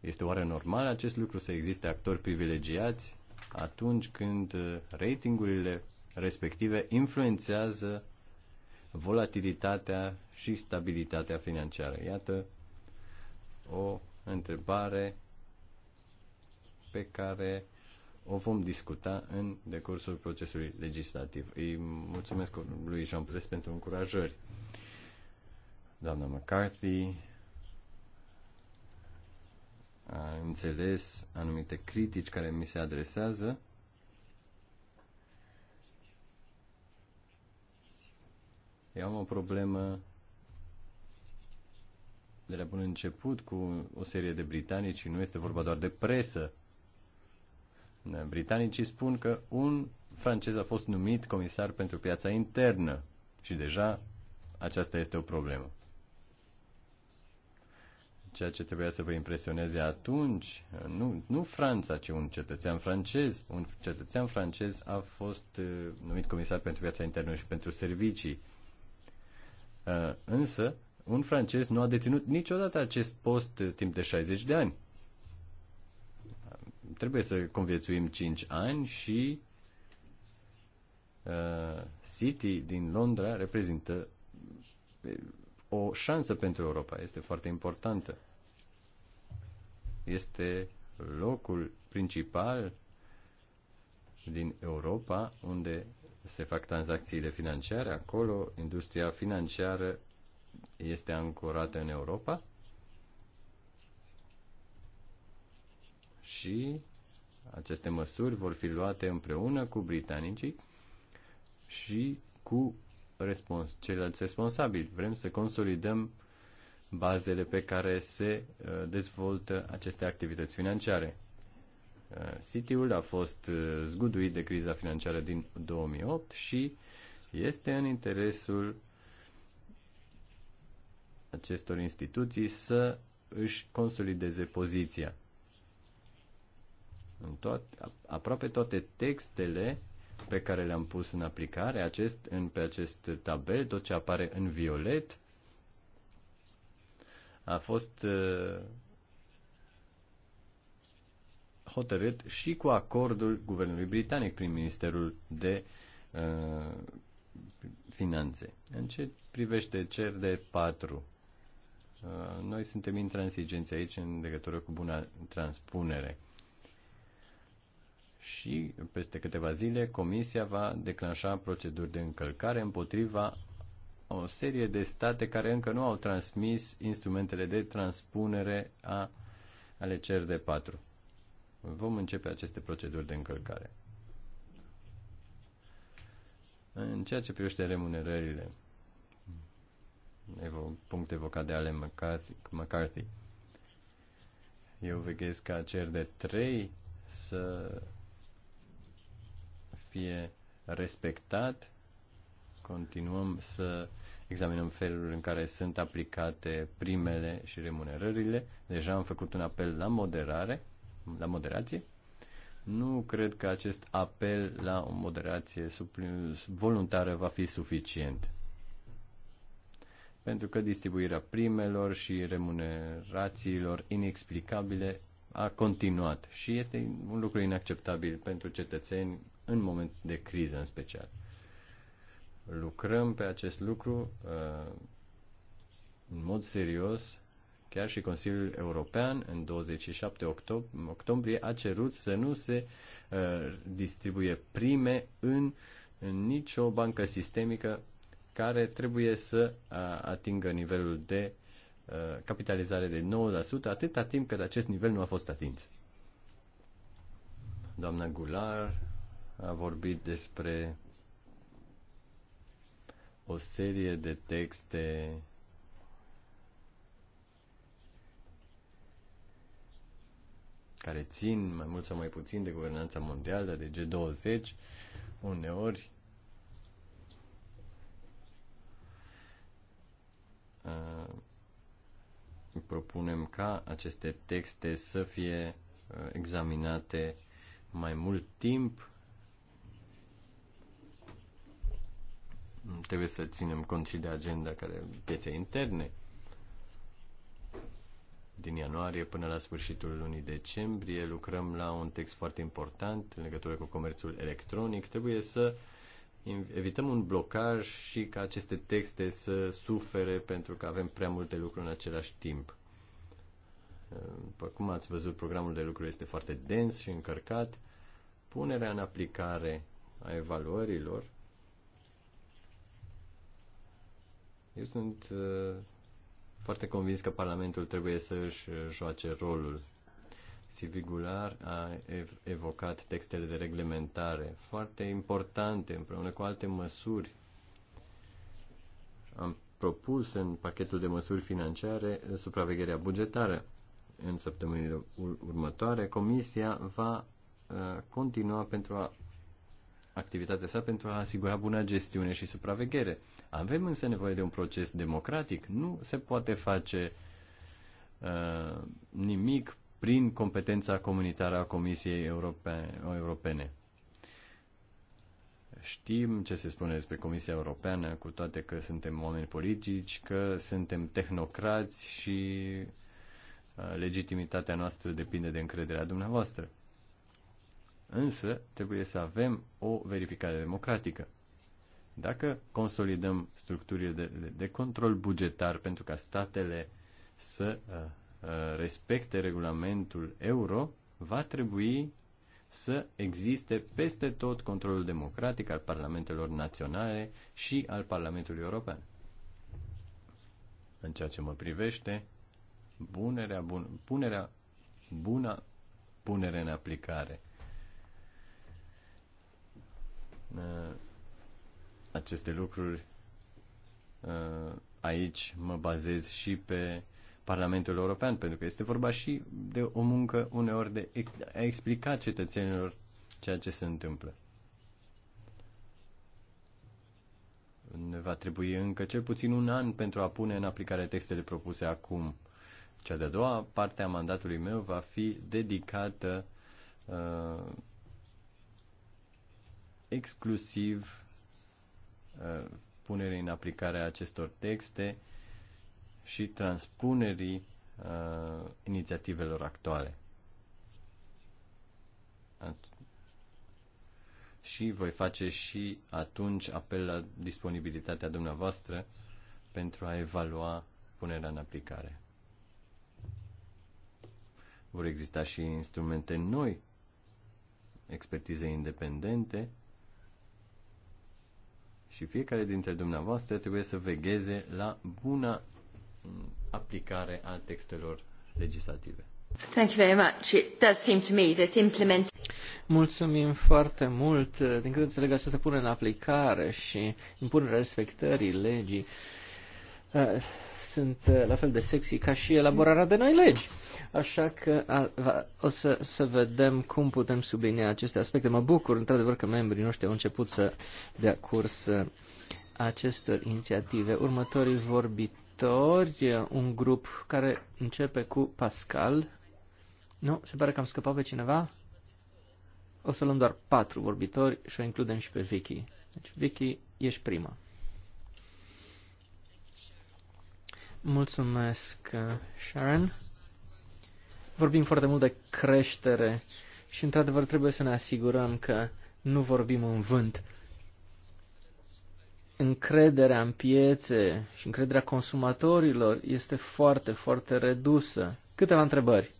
Este oare normal acest lucru să existe actori privilegiați atunci când uh, ratingurile respective influențează volatilitatea și stabilitatea financiară. Iată o întrebare pe care o vom discuta în decursul procesului legislativ. Îi mulțumesc lui Jean Pres pentru încurajări. Doamna McCarthy a înțeles anumite critici care mi se adresează Eu am o problemă de la bun început cu o serie de britanici și nu este vorba doar de presă. Britanicii spun că un francez a fost numit comisar pentru piața internă și deja aceasta este o problemă. Ceea ce trebuia să vă impresioneze atunci, nu, nu Franța, ci un cetățean francez. Un cetățean francez a fost eh, numit comisar pentru piața internă și pentru servicii Uh, însă, un francez nu a deținut niciodată acest post uh, timp de 60 de ani. Uh, trebuie să conviețuim 5 ani și uh, City din Londra reprezintă o șansă pentru Europa. Este foarte importantă. Este locul principal din Europa unde se fac tranzacțiile financiare, acolo industria financiară este ancorată în Europa și aceste măsuri vor fi luate împreună cu britanicii și cu respons- ceilalți responsabili. Vrem să consolidăm bazele pe care se uh, dezvoltă aceste activități financiare. City-ul a fost uh, zguduit de criza financiară din 2008 și este în interesul acestor instituții să își consolideze poziția. În toate, aproape toate textele pe care le-am pus în aplicare, acest, în, pe acest tabel, tot ce apare în violet, a fost uh, hotărât și cu acordul Guvernului Britanic prin Ministerul de uh, Finanțe. În ce privește cer de 4, uh, noi suntem intransigenți aici în legătură cu buna transpunere. Și peste câteva zile Comisia va declanșa proceduri de încălcare împotriva o serie de state care încă nu au transmis instrumentele de transpunere a, ale CER 4 vom începe aceste proceduri de încălcare. În ceea ce privește remunerările, evo, punct evocat de ale McCarthy, eu veghez ca cer de 3 să fie respectat. Continuăm să examinăm felul în care sunt aplicate primele și remunerările. Deja am făcut un apel la moderare la moderație. Nu cred că acest apel la o moderație voluntară va fi suficient. Pentru că distribuirea primelor și remunerațiilor inexplicabile a continuat și este un lucru inacceptabil pentru cetățeni în moment de criză în special. Lucrăm pe acest lucru uh, în mod serios Chiar și Consiliul European, în 27 octombrie, a cerut să nu se uh, distribuie prime în, în nicio bancă sistemică care trebuie să uh, atingă nivelul de uh, capitalizare de 9%, atâta timp cât acest nivel nu a fost atins. Doamna Gular a vorbit despre o serie de texte care țin mai mult sau mai puțin de guvernanța mondială, de G20, uneori uh, propunem ca aceste texte să fie uh, examinate mai mult timp. Trebuie să ținem cont și de agenda care pieței interne din ianuarie până la sfârșitul lunii decembrie. Lucrăm la un text foarte important în legătură cu comerțul electronic. Trebuie să evităm un blocaj și ca aceste texte să sufere pentru că avem prea multe lucruri în același timp. După cum ați văzut, programul de lucru este foarte dens și încărcat. Punerea în aplicare a evaluărilor. Eu sunt uh, foarte convins că Parlamentul trebuie să își uh, joace rolul. Silvi a ev- evocat textele de reglementare foarte importante împreună cu alte măsuri. Am propus în pachetul de măsuri financiare uh, supravegherea bugetară. În săptămânile următoare, Comisia va uh, continua pentru a activitatea sa pentru a asigura bună gestiune și supraveghere. Avem însă nevoie de un proces democratic. Nu se poate face uh, nimic prin competența comunitară a Comisiei Europe- Europene. Știm ce se spune despre Comisia Europeană, cu toate că suntem oameni politici, că suntem tehnocrați și uh, legitimitatea noastră depinde de încrederea dumneavoastră. Însă, trebuie să avem o verificare democratică. Dacă consolidăm structurile de, de control bugetar pentru ca statele să uh, uh, respecte regulamentul euro, va trebui să existe peste tot controlul democratic al parlamentelor naționale și al Parlamentului European. În ceea ce mă privește, bunerea, bun, punerea, buna punere în aplicare Uh, aceste lucruri. Uh, aici mă bazez și pe Parlamentul European, pentru că este vorba și de o muncă uneori de a explica cetățenilor ceea ce se întâmplă. Ne va trebui încă cel puțin un an pentru a pune în aplicare textele propuse acum. Cea de-a doua parte a mandatului meu va fi dedicată uh, exclusiv uh, punerii în aplicare a acestor texte și transpunerii uh, inițiativelor actuale. At- și voi face și atunci apel la disponibilitatea dumneavoastră pentru a evalua punerea în aplicare. Vor exista și instrumente noi, expertize independente, și fiecare dintre dumneavoastră trebuie să vegheze la buna aplicare a textelor legislative. Thank you very much. It does seem to me that implement... Mulțumim foarte mult. Din câte înțeleg, această punere în aplicare și impunerea respectării legii uh, sunt uh, la fel de sexy ca și elaborarea de noi legi. Așa că a, va, o să, să vedem cum putem sublinia aceste aspecte. Mă bucur, într-adevăr, că membrii noștri au început să dea curs uh, acestor inițiative. Următorii vorbitori, uh, un grup care începe cu Pascal. Nu? Se pare că am scăpat pe cineva? O să luăm doar patru vorbitori și o includem și pe Vicky. Deci, Vicky, ești prima. Mulțumesc, uh, Sharon. Vorbim foarte mult de creștere și, într-adevăr, trebuie să ne asigurăm că nu vorbim în vânt. Încrederea în piețe și încrederea consumatorilor este foarte, foarte redusă. Câteva întrebări.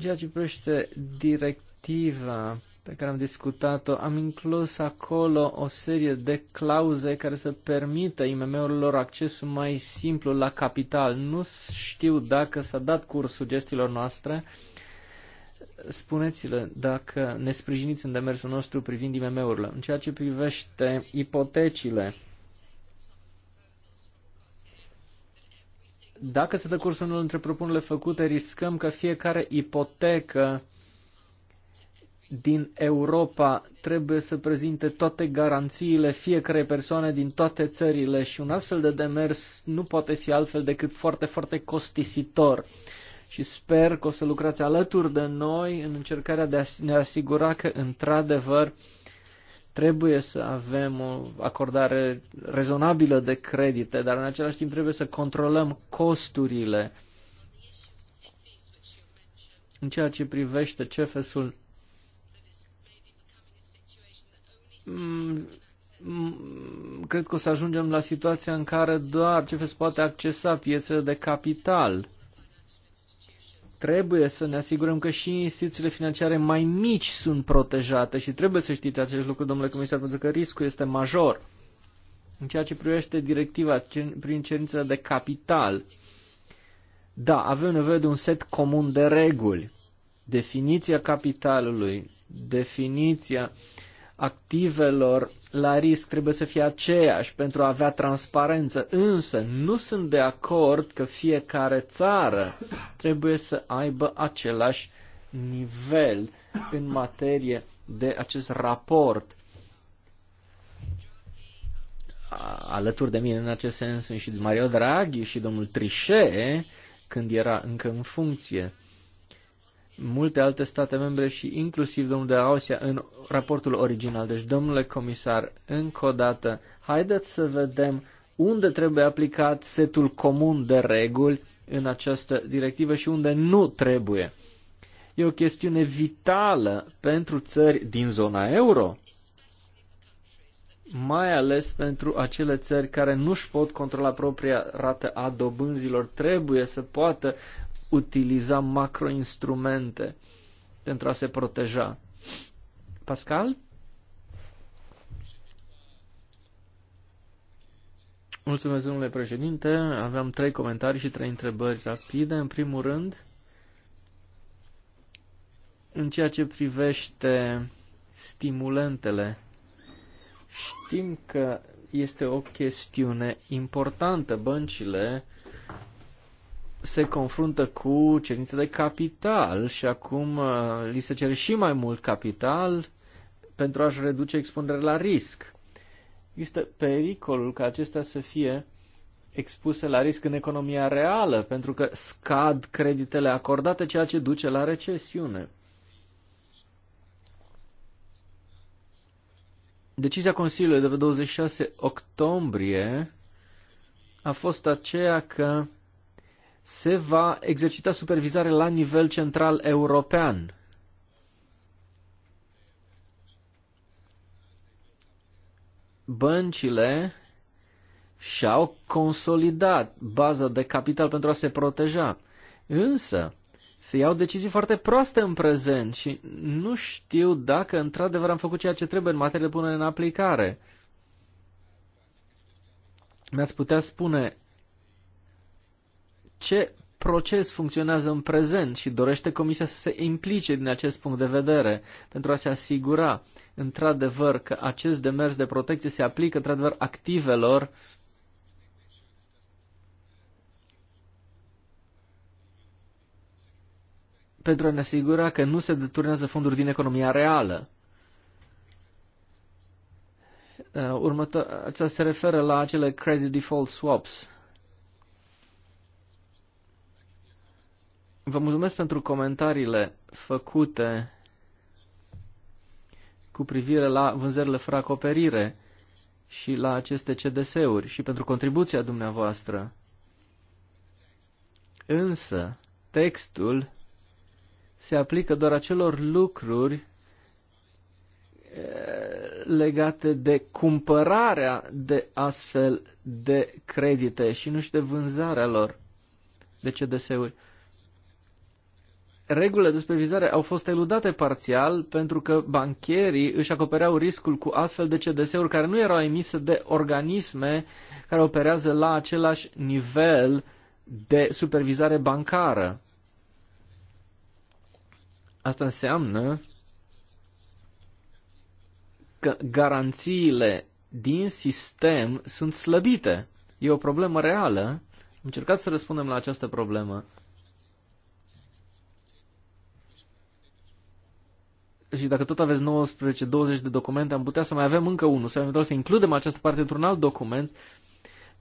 Ceea ce privește directiva pe care am discutat-o, am inclus acolo o serie de clauze care să permită IMM-urilor accesul mai simplu la capital. Nu știu dacă s-a dat curs sugestiilor noastre. Spuneți-le dacă ne sprijiniți în demersul nostru privind IMM-urile. În ceea ce privește ipotecile, dacă se dă curs unul dintre propunerile făcute, riscăm că fiecare ipotecă din Europa trebuie să prezinte toate garanțiile fiecare persoane din toate țările și un astfel de demers nu poate fi altfel decât foarte, foarte costisitor. Și sper că o să lucrați alături de noi în încercarea de a ne asigura că, într-adevăr, trebuie să avem o acordare rezonabilă de credite, dar în același timp trebuie să controlăm costurile. În ceea ce privește CFS-ul Mm, mm, cred că o să ajungem la situația în care doar CFS poate accesa piețele de capital. Trebuie să ne asigurăm că și instituțiile financiare mai mici sunt protejate și trebuie să știți acest lucru, domnule comisar, pentru că riscul este major. În ceea ce privește directiva prin cerințele de capital, da, avem nevoie de un set comun de reguli. Definiția capitalului, definiția uh, activelor la risc trebuie să fie aceeași pentru a avea transparență, însă nu sunt de acord că fiecare țară trebuie să aibă același nivel în materie de acest raport. Alături de mine în acest sens sunt și Mario Draghi și domnul Trichet când era încă în funcție multe alte state membre și inclusiv domnul de Austria în raportul original. Deci, domnule comisar, încă o dată, haideți să vedem unde trebuie aplicat setul comun de reguli în această directivă și unde nu trebuie. E o chestiune vitală pentru țări din zona euro, mai ales pentru acele țări care nu-și pot controla propria rată a dobânzilor, trebuie să poată utiliza macroinstrumente pentru a se proteja. Pascal? Mulțumesc, domnule președinte. Aveam trei comentarii și trei întrebări rapide. În primul rând, în ceea ce privește stimulentele, știm că este o chestiune importantă. Băncile se confruntă cu cerințe de capital și acum uh, li se cere și mai mult capital pentru a-și reduce expunerea la risc. Este pericolul ca acestea să fie expuse la risc în economia reală, pentru că scad creditele acordate, ceea ce duce la recesiune. Decizia Consiliului de pe 26 octombrie a fost aceea că se va exercita supervizare la nivel central european. Băncile și-au consolidat baza de capital pentru a se proteja. Însă, se iau decizii foarte proaste în prezent și nu știu dacă într-adevăr am făcut ceea ce trebuie în materie de punere în aplicare. Mi-ați putea spune ce proces funcționează în prezent și dorește Comisia să se implice din acest punct de vedere pentru a se asigura într-adevăr că acest demers de protecție se aplică într-adevăr activelor pentru a ne asigura că nu se deturnează fonduri din economia reală. Uh, Următoarea se referă la acele credit default swaps Vă mulțumesc pentru comentariile făcute cu privire la vânzările fără acoperire și la aceste CDS-uri și pentru contribuția dumneavoastră. Însă, textul se aplică doar acelor lucruri eh, legate de cumpărarea de astfel de credite și nu și de vânzarea lor de CDS-uri regulile despre vizare au fost eludate parțial pentru că bancherii își acopereau riscul cu astfel de CDS-uri care nu erau emise de organisme care operează la același nivel de supervizare bancară. Asta înseamnă că garanțiile din sistem sunt slăbite. E o problemă reală. Am încercat să răspundem la această problemă. și dacă tot aveți 19-20 de documente, am putea să mai avem încă unul, să eventual să includem această parte într-un alt document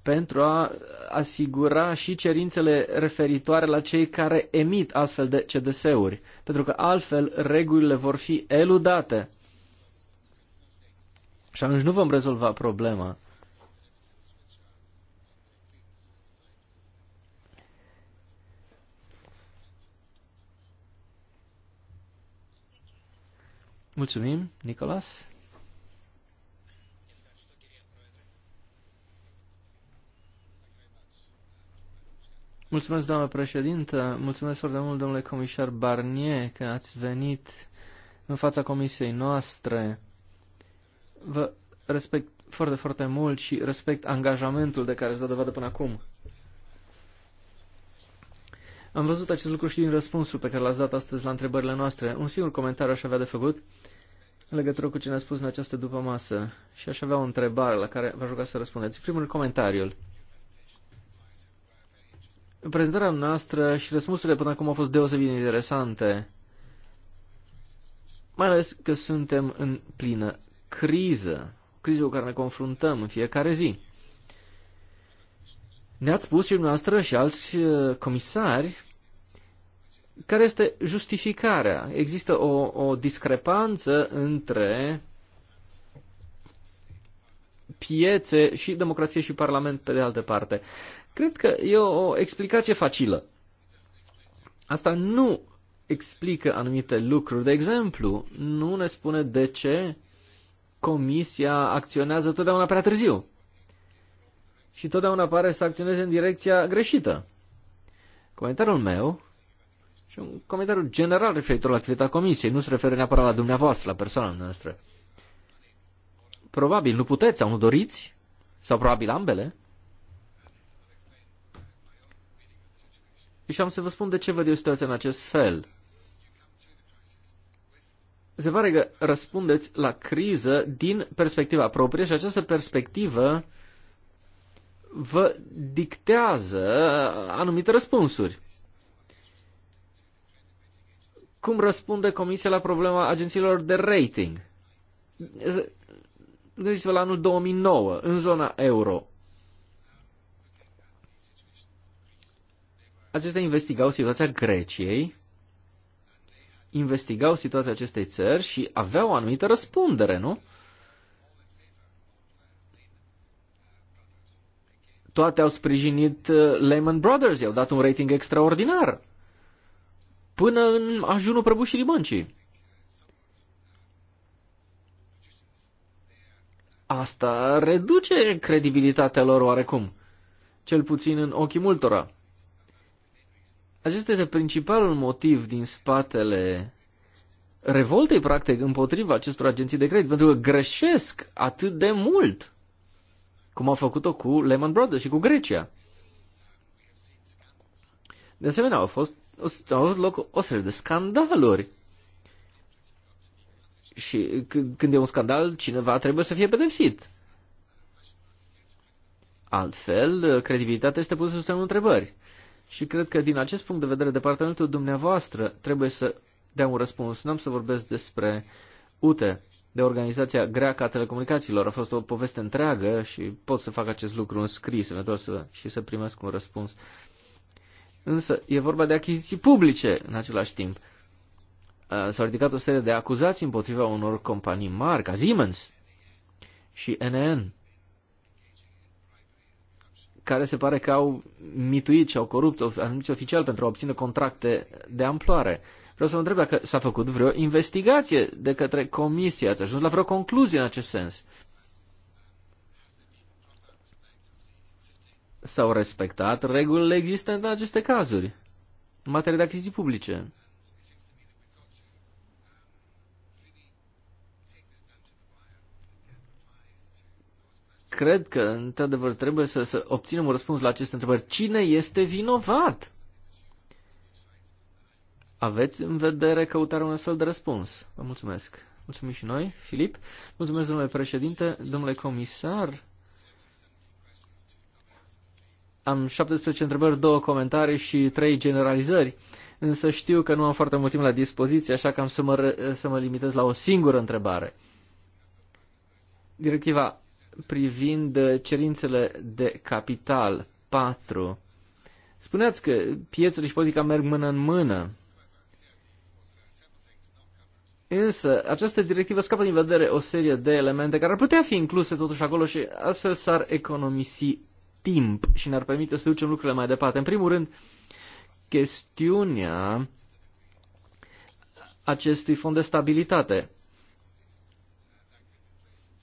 pentru a asigura și cerințele referitoare la cei care emit astfel de CDS-uri, pentru că altfel regulile vor fi eludate. Și atunci nu vom rezolva problema. Mulțumim, Nicolas. Mulțumesc, doamnă președintă, mulțumesc foarte mult, domnule comisar Barnier, că ați venit în fața comisiei noastre. Vă respect foarte, foarte mult și respect angajamentul de care ați dat dovadă până acum. Am văzut acest lucru și din răspunsul pe care l-ați dat astăzi la întrebările noastre. Un singur comentariu aș avea de făcut în legătură cu ce ne-a spus în această după masă și aș avea o întrebare la care v-aș ruga să răspundeți. Primul comentariul. Prezentarea noastră și răspunsurile până acum au fost deosebit interesante, mai ales că suntem în plină criză, criză cu care ne confruntăm în fiecare zi. Ne-ați spus și dumneavoastră și alți uh, comisari care este justificarea. Există o, o discrepanță între piețe și democrație și parlament pe de altă parte. Cred că e o explicație facilă. Asta nu explică anumite lucruri. De exemplu, nu ne spune de ce comisia acționează totdeauna prea târziu și totdeauna pare să acționeze în direcția greșită. Comentariul meu și un comentariu general referitor la activitatea comisiei, nu se referă neapărat la dumneavoastră, la persoana noastră. Probabil nu puteți sau nu doriți, sau probabil ambele. Și am să vă spun de ce văd eu situația în acest fel. Se pare că răspundeți la criză din perspectiva proprie și această perspectivă uh, vă dictează anumite răspunsuri. Cum răspunde Comisia la problema agențiilor de rating? Gândiți-vă la anul 2009, în zona euro. Acestea investigau situația Greciei, investigau situația acestei țări și aveau o anumită răspundere, nu? toate au sprijinit uh, Lehman Brothers, i-au dat un rating extraordinar, până în ajunul prăbușirii băncii. Asta reduce credibilitatea lor oarecum, cel puțin în ochii multora. Acesta este principalul motiv din spatele revoltei, practic, împotriva acestor agenții de credit, pentru că greșesc atât de mult cum au făcut-o cu Lehman Brothers și cu Grecia. De asemenea, au, fost, au avut loc o serie de scandaluri. Și când e un scandal, cineva trebuie să fie pedepsit. Altfel, credibilitatea este pusă sub semnul întrebări. Și cred că din acest punct de vedere, departamentul dumneavoastră trebuie să dea un răspuns. N-am să vorbesc despre UTE de organizația greacă a telecomunicațiilor. A fost o poveste întreagă și pot să fac acest lucru în scris eventual să, și să primesc un răspuns. Însă e vorba de achiziții publice în același timp. S-au ridicat o serie de acuzații împotriva unor companii mari, ca Siemens și NN, care se pare că au mituit și au corupt anumiți oficiali pentru a obține contracte de amploare. Uh, Vreau să vă întreb dacă s-a făcut vreo investigație de către comisie, ați ajuns la vreo concluzie în acest sens. S-au respectat regulile existente în aceste cazuri, în materie de achiziții publice. cred că, într-adevăr, trebuie să, să obținem un răspuns la aceste întrebări. Cine este vinovat? Aveți în vedere căutarea unui astfel de răspuns? Vă mulțumesc. Mulțumim și noi, Filip. Mulțumesc, domnule președinte, domnule comisar. Am 17 întrebări, două comentarii și trei generalizări, însă știu că nu am foarte mult timp la dispoziție, așa că am să mă, să mă limitez la o singură întrebare. Directiva privind cerințele de capital 4. Spuneați că piețele și politica merg mână în mână. Însă, această directivă scapă din vedere o serie de elemente care ar putea fi incluse totuși acolo și astfel s-ar economisi timp și ne-ar permite să ducem lucrurile mai departe. În primul rând, chestiunea acestui fond de stabilitate.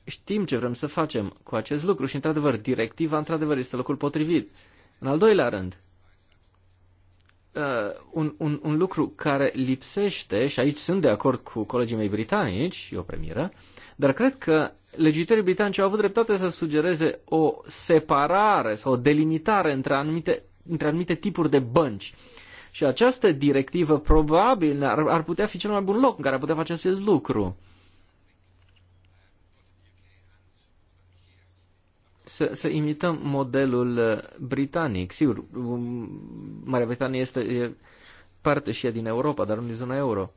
Știm ce vrem să facem cu acest lucru și, într-adevăr, directiva, într-adevăr, este locul potrivit. În al doilea rând, Uh, un, un, un lucru care lipsește, și aici sunt de acord cu colegii mei britanici, e o premieră, dar cred că legiuitorii britanici au avut dreptate să sugereze o separare sau o delimitare între anumite, între anumite tipuri de bănci. Și această directivă probabil ar, ar putea fi cel mai bun loc în care ar putea face acest lucru. Uh, să, să imităm modelul uh, britanic. Sigur, um, Marea Britanie este e parte și ea din Europa, dar nu din zona euro.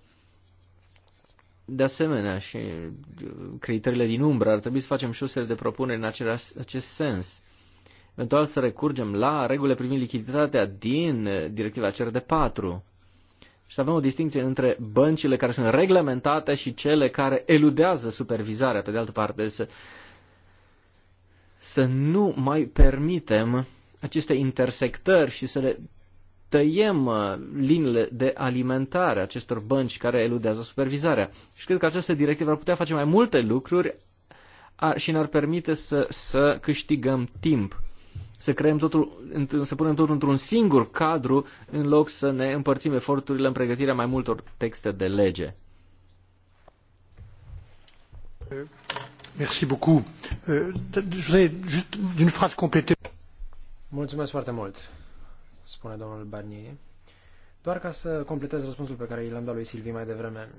De asemenea, și uh, criteriile din umbră, ar trebui să facem și o serie de propuneri în acest, acest sens. Eventual să recurgem la regulile privind lichiditatea din uh, directiva de 4 și să avem o distinție între băncile care sunt reglementate și cele care eludează supervizarea, pe de altă parte, să, uh, să nu mai permitem aceste intersectări și să le tăiem uh, liniile de alimentare acestor bănci care eludează supervizarea. Și cred că această directivă ar putea face mai multe lucruri și ne-ar permite să, să câștigăm timp să creăm totul, să punem totul într-un singur cadru în loc să ne împărțim eforturile în pregătirea mai multor texte de lege. Euh, je voudrais juste d'une phrase compléter. Mulțumesc foarte mult, spune domnul Barnier. Doar ca să completez răspunsul pe care l-am dat lui Silvi mai devreme.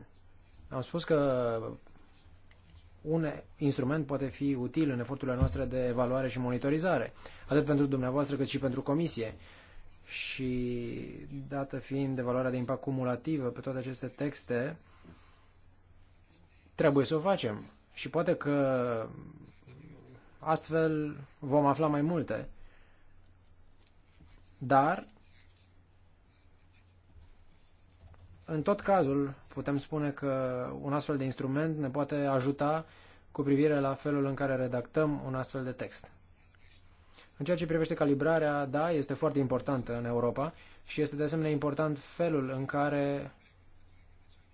Am spus că un instrument poate fi util în eforturile noastre de evaluare și monitorizare, atât pentru dumneavoastră cât și pentru comisie. Și dată fiind evaluarea de impact cumulativă pe toate aceste texte, trebuie să o facem. Și poate că astfel vom afla mai multe. Dar, în tot cazul, putem spune că un astfel de instrument ne poate ajuta cu privire la felul în care redactăm un astfel de text. În ceea ce privește calibrarea, da, este foarte importantă în Europa și este de asemenea important felul în care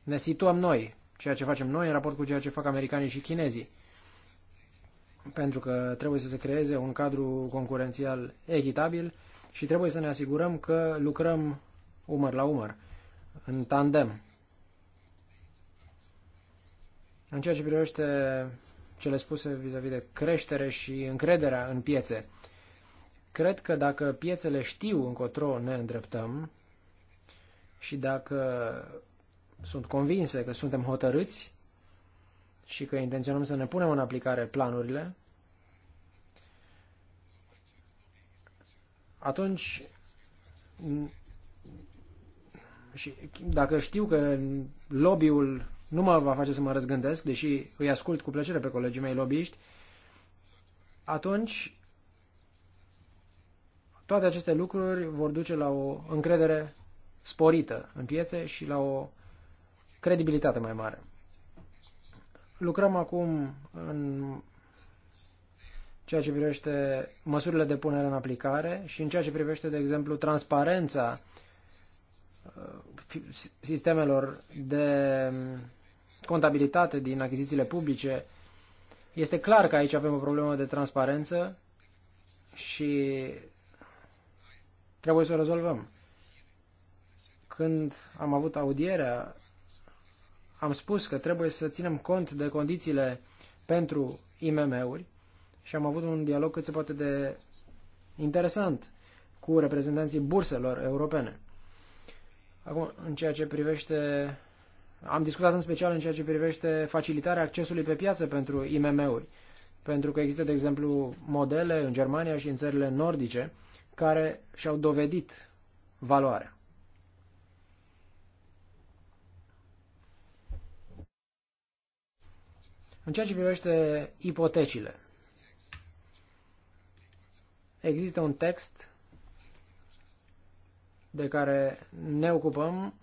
ne situăm noi ceea ce facem noi în raport cu ceea ce fac americanii și chinezii. Pentru că trebuie să se creeze un cadru concurențial echitabil și trebuie să ne asigurăm că lucrăm umăr la umăr, în tandem. În ceea ce privește cele spuse vis-a-vis -vis de creștere și încrederea în piețe, cred că dacă piețele știu încotro ne îndreptăm și dacă sunt convinse că suntem hotărâți și că intenționăm să ne punem în aplicare planurile, atunci și dacă știu că lobby-ul nu mă va face să mă răzgândesc, deși îi ascult cu plăcere pe colegii mei lobbyiști, atunci toate aceste lucruri vor duce la o încredere sporită în piețe și la o credibilitate mai mare. Lucrăm acum în ceea ce privește măsurile de punere în aplicare și în ceea ce privește, de exemplu, transparența uh, sistemelor de contabilitate din achizițiile publice, este clar că aici avem o problemă de transparență și trebuie să o rezolvăm. Când am avut audierea am spus că trebuie să ținem cont de condițiile pentru IMM-uri și am avut un dialog cât se poate de interesant cu reprezentanții burselor europene. Acum, în ceea ce privește... Am discutat în special în ceea ce privește facilitarea accesului pe piață pentru IMM-uri, pentru că există, de exemplu, modele în Germania și în țările nordice care și-au dovedit valoarea. În ceea ce privește ipotecile, există un text de care ne ocupăm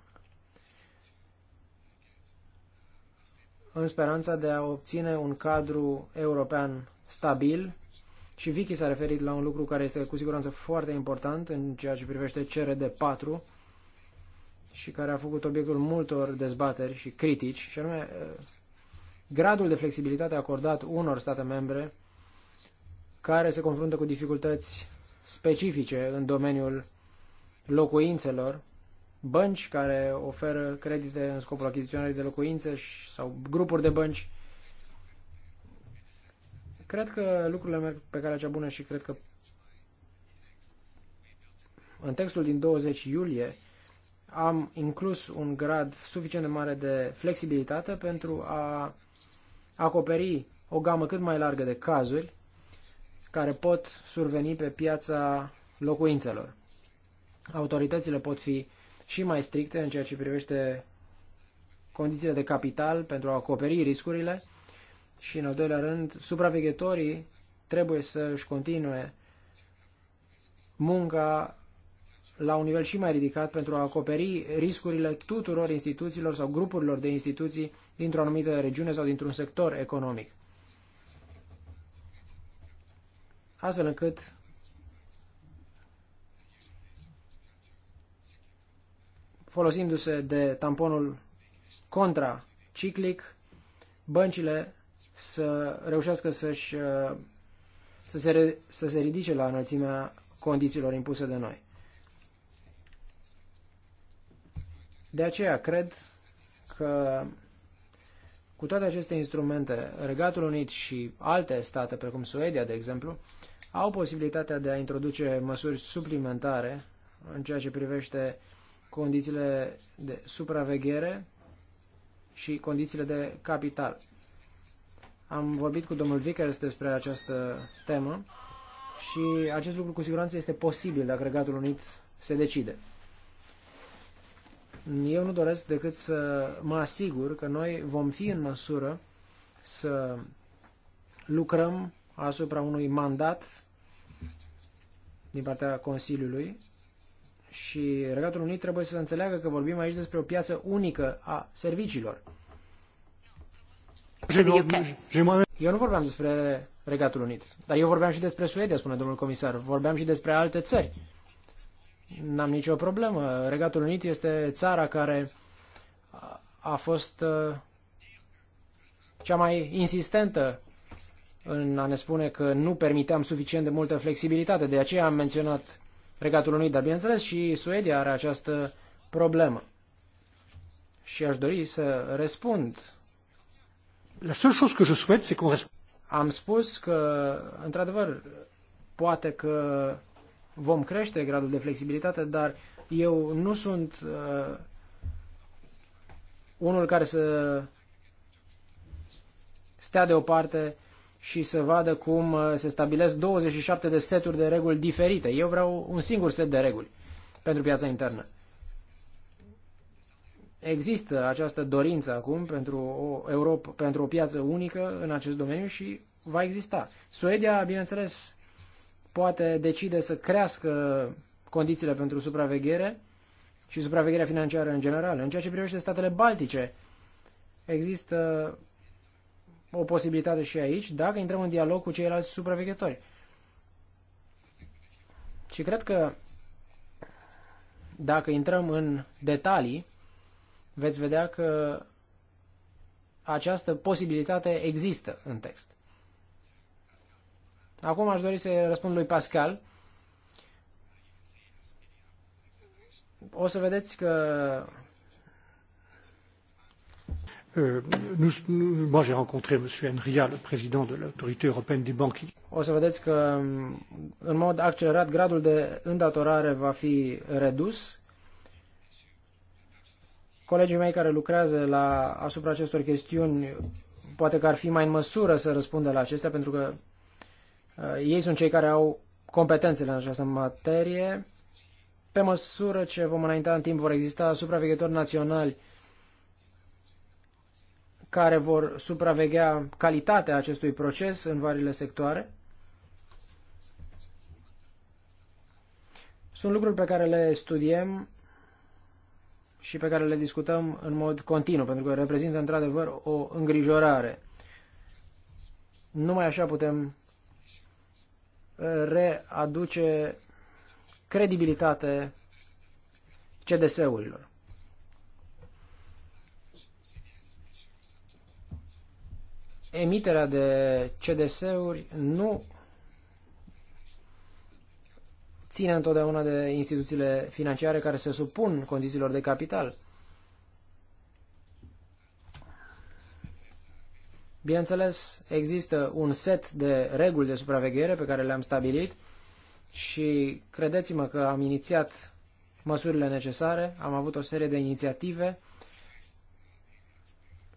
în speranța de a obține un cadru european stabil și Vicky s-a referit la un lucru care este cu siguranță foarte important în ceea ce privește CRD4 și care a făcut obiectul multor dezbateri și critici, și anume gradul de flexibilitate acordat unor state membre care se confruntă cu dificultăți specifice în domeniul locuințelor, bănci care oferă credite în scopul achiziționării de locuințe sau grupuri de bănci. Cred că lucrurile merg pe calea cea bună și cred că în textul din 20 iulie am inclus un grad suficient de mare de flexibilitate pentru a acoperi o gamă cât mai largă de cazuri care pot surveni pe piața locuințelor. Autoritățile pot fi și mai stricte în ceea ce privește condițiile de capital pentru a acoperi riscurile și, în al doilea rând, supraveghetorii trebuie să își continue munca la un nivel și mai ridicat pentru a acoperi riscurile tuturor instituțiilor sau grupurilor de instituții dintr-o anumită regiune sau dintr-un sector economic. Astfel încât folosindu-se de tamponul contraciclic, băncile să reușească să-și, să, se, să se ridice la înălțimea condițiilor impuse de noi. De aceea cred că cu toate aceste instrumente, Regatul Unit și alte state, precum Suedia, de exemplu, au posibilitatea de a introduce măsuri suplimentare în ceea ce privește condițiile de supraveghere și condițiile de capital. Am vorbit cu domnul Vickers despre această temă și acest lucru cu siguranță este posibil dacă Regatul Unit se decide eu nu doresc decât să mă asigur că noi vom fi în măsură să lucrăm asupra unui mandat din partea Consiliului și Regatul Unit trebuie să înțeleagă că vorbim aici despre o piață unică a serviciilor. Eu nu vorbeam despre Regatul Unit, dar eu vorbeam și despre Suedia, spune domnul comisar, vorbeam și despre alte țări. N-am nicio problemă. Regatul Unit este țara care a fost uh, cea mai insistentă în a ne spune că nu permiteam suficient de multă flexibilitate. De aceea am menționat Regatul Unit, dar bineînțeles și Suedia are această problemă. Și aș dori să răspund. La seule chose que je souhaite, c'est qu'on Am spus că, într-adevăr, poate că vom crește gradul de flexibilitate, dar eu nu sunt uh, unul care să stea deoparte și să vadă cum uh, se stabilesc 27 de seturi de reguli diferite. Eu vreau un singur set de reguli pentru piața internă. Există această dorință acum pentru o, Europa, pentru o piață unică în acest domeniu și va exista. Suedia, bineînțeles, poate decide să crească condițiile pentru supraveghere și supravegherea financiară în general. În ceea ce privește statele baltice, există o posibilitate și aici dacă intrăm în dialog cu ceilalți supraveghetori. Și cred că dacă intrăm în detalii, veți vedea că această posibilitate există în text. Acum aș dori să răspund lui Pascal. O să vedeți că Uh, nous, nous, moi j'ai rencontré M. Enria, le président de l'autorité européenne des banques. O să vedeți că în mod accelerat gradul de îndatorare va fi redus. Colegii mei care lucrează la, asupra acestor chestiuni poate că ar fi mai în măsură să răspundă la acestea pentru că Uh, ei sunt cei care au competențele în această materie. Pe măsură ce vom înainta în timp, vor exista supraveghetori naționali care vor supraveghea calitatea acestui proces în variile sectoare. Sunt lucruri pe care le studiem și pe care le discutăm în mod continuu, pentru că reprezintă într-adevăr o îngrijorare. Numai așa putem readuce credibilitate CDS-urilor. Emiterea de CDS-uri nu ține întotdeauna de instituțiile financiare care se supun condițiilor de capital. Bineînțeles, există un set de reguli de supraveghere pe care le-am stabilit și credeți-mă că am inițiat măsurile necesare, am avut o serie de inițiative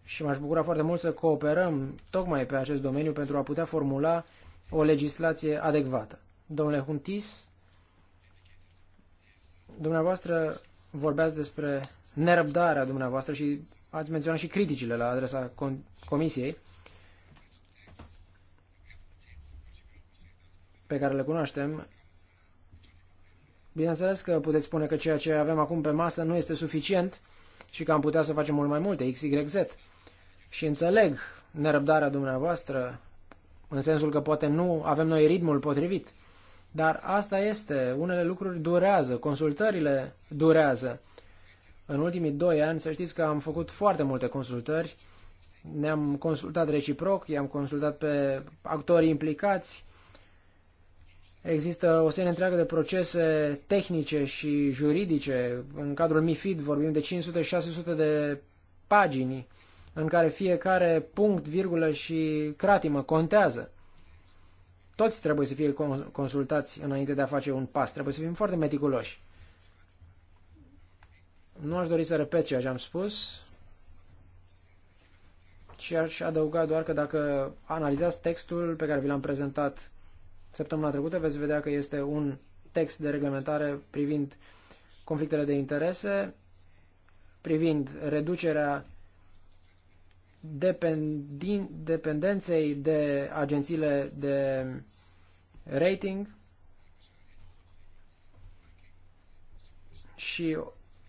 și m-aș bucura foarte mult să cooperăm tocmai pe acest domeniu pentru a putea formula o legislație adecvată. Domnule Huntis, dumneavoastră vorbeați despre nerăbdarea dumneavoastră și ați menționat și criticile la adresa Comisiei. pe care le cunoaștem. Bineînțeles că puteți spune că ceea ce avem acum pe masă nu este suficient și că am putea să facem mult mai multe, x y Z. Și înțeleg nerăbdarea dumneavoastră, în sensul că poate nu avem noi ritmul potrivit. Dar asta este, unele lucruri durează, consultările durează. În ultimii doi ani, să știți că am făcut foarte multe consultări, ne-am consultat reciproc, i-am consultat pe actorii implicați, Există o serie întreagă de procese tehnice și juridice. În cadrul MIFID vorbim de 500-600 de pagini în care fiecare punct, virgulă și cratimă contează. Toți trebuie să fie consultați înainte de a face un pas. Trebuie să fim foarte meticuloși. Nu aș dori să repet ceea ce am spus, ci aș adăuga doar că dacă analizați textul pe care vi l-am prezentat Săptămâna trecută veți vedea că este un text de reglementare privind conflictele de interese, privind reducerea dependin, dependenței de agențiile de rating și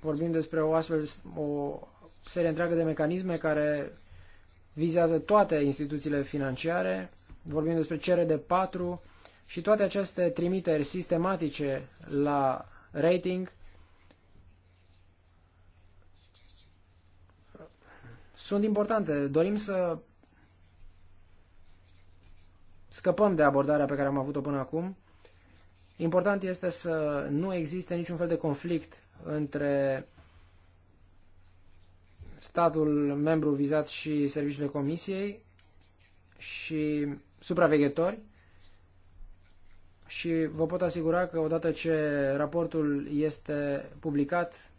vorbim despre o astfel o serie întreagă de mecanisme care vizează toate instituțiile financiare. Vorbim despre CRD 4, și toate aceste trimiteri sistematice la rating sunt importante. Dorim să scăpăm de abordarea pe care am avut-o până acum. Important este să nu existe niciun fel de conflict între statul membru vizat și serviciile comisiei și supraveghetori și vă pot asigura că odată ce raportul este publicat,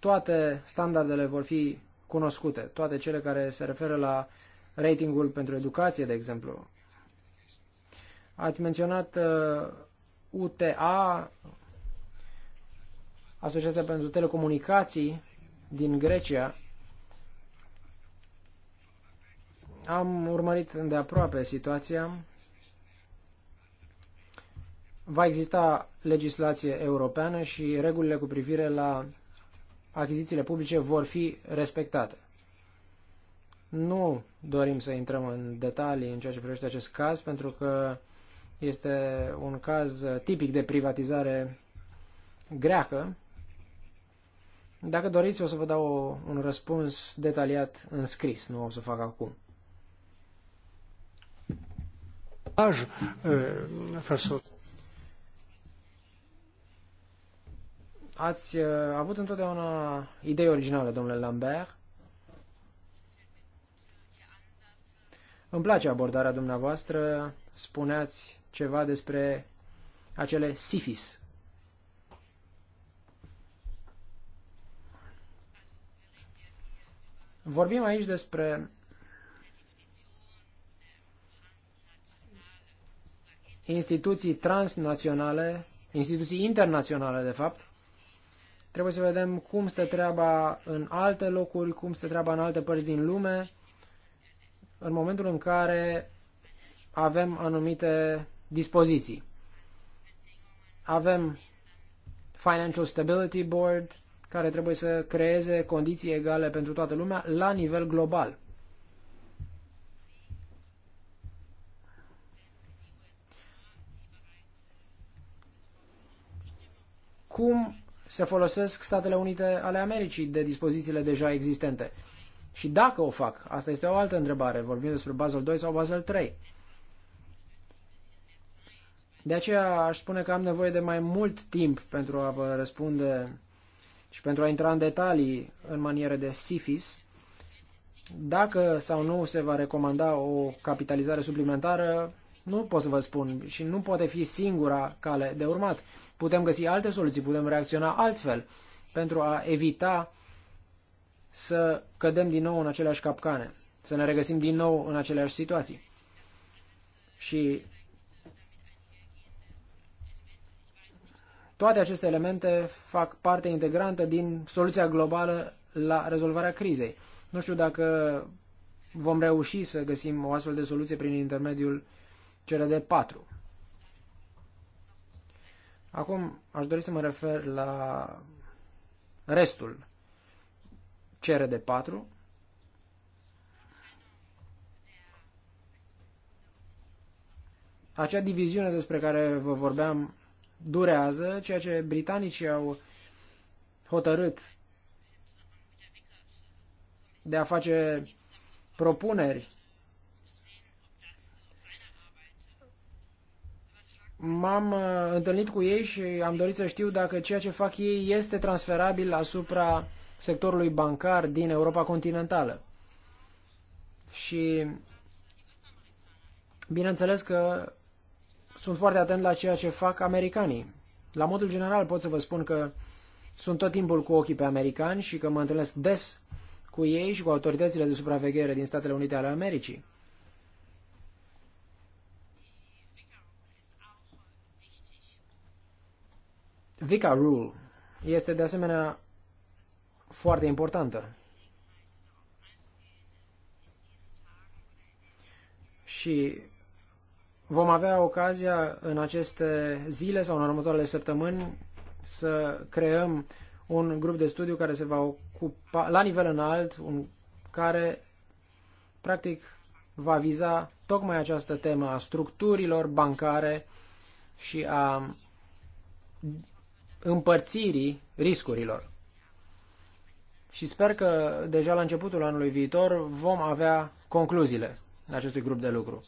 toate standardele vor fi cunoscute, toate cele care se referă la ratingul pentru educație, de exemplu. Ați menționat UTA, uh, Asociația pentru Telecomunicații din Grecia. Am urmărit îndeaproape situația va exista legislație europeană și regulile cu privire la achizițiile publice vor fi respectate. Nu dorim să intrăm în detalii în ceea ce privește acest caz, pentru că este un caz tipic de privatizare greacă. Dacă doriți, o să vă dau un răspuns detaliat în scris, nu o să fac acum. Aj, eh, față Ați uh, avut întotdeauna idei originale, domnule Lambert. Îmi place abordarea dumneavoastră. Spuneați ceva despre acele sifis. Vorbim aici despre instituții transnaționale, instituții internaționale, de fapt, Trebuie să vedem cum stă treaba în alte locuri, cum stă treaba în alte părți din lume, în momentul în care avem anumite dispoziții. Avem Financial Stability Board, care trebuie să creeze condiții egale pentru toată lumea la nivel global. Cum se folosesc Statele Unite ale Americii de dispozițiile deja existente. Și dacă o fac, asta este o altă întrebare, vorbim despre Basel 2 sau Basel 3. De aceea aș spune că am nevoie de mai mult timp pentru a vă răspunde și pentru a intra în detalii în maniere de SIFIS. Dacă sau nu se va recomanda o capitalizare suplimentară, nu pot să vă spun și nu poate fi singura cale de urmat putem găsi alte soluții, putem reacționa altfel pentru a evita să cădem din nou în aceleași capcane, să ne regăsim din nou în aceleași situații. Și toate aceste elemente fac parte integrantă din soluția globală la rezolvarea crizei. Nu știu dacă vom reuși să găsim o astfel de soluție prin intermediul CRD 4. Acum aș dori să mă refer la restul de 4 Acea diviziune despre care vă vorbeam durează, ceea ce britanicii au hotărât de a face propuneri m-am uh, întâlnit cu ei și am dorit să știu dacă ceea ce fac ei este transferabil asupra sectorului bancar din Europa continentală. Și bineînțeles că sunt foarte atent la ceea ce fac americanii. La modul general pot să vă spun că sunt tot timpul cu ochii pe americani și că mă întâlnesc des cu ei și cu autoritățile de supraveghere din Statele Unite ale Americii. Vica Rule este de asemenea foarte importantă. Și vom avea ocazia în aceste zile sau în următoarele săptămâni să creăm un grup de studiu care se va ocupa la nivel înalt, un, care practic va viza tocmai această temă a structurilor bancare și a împărțirii riscurilor. Și sper că deja la începutul anului viitor vom avea concluziile acestui grup de lucru.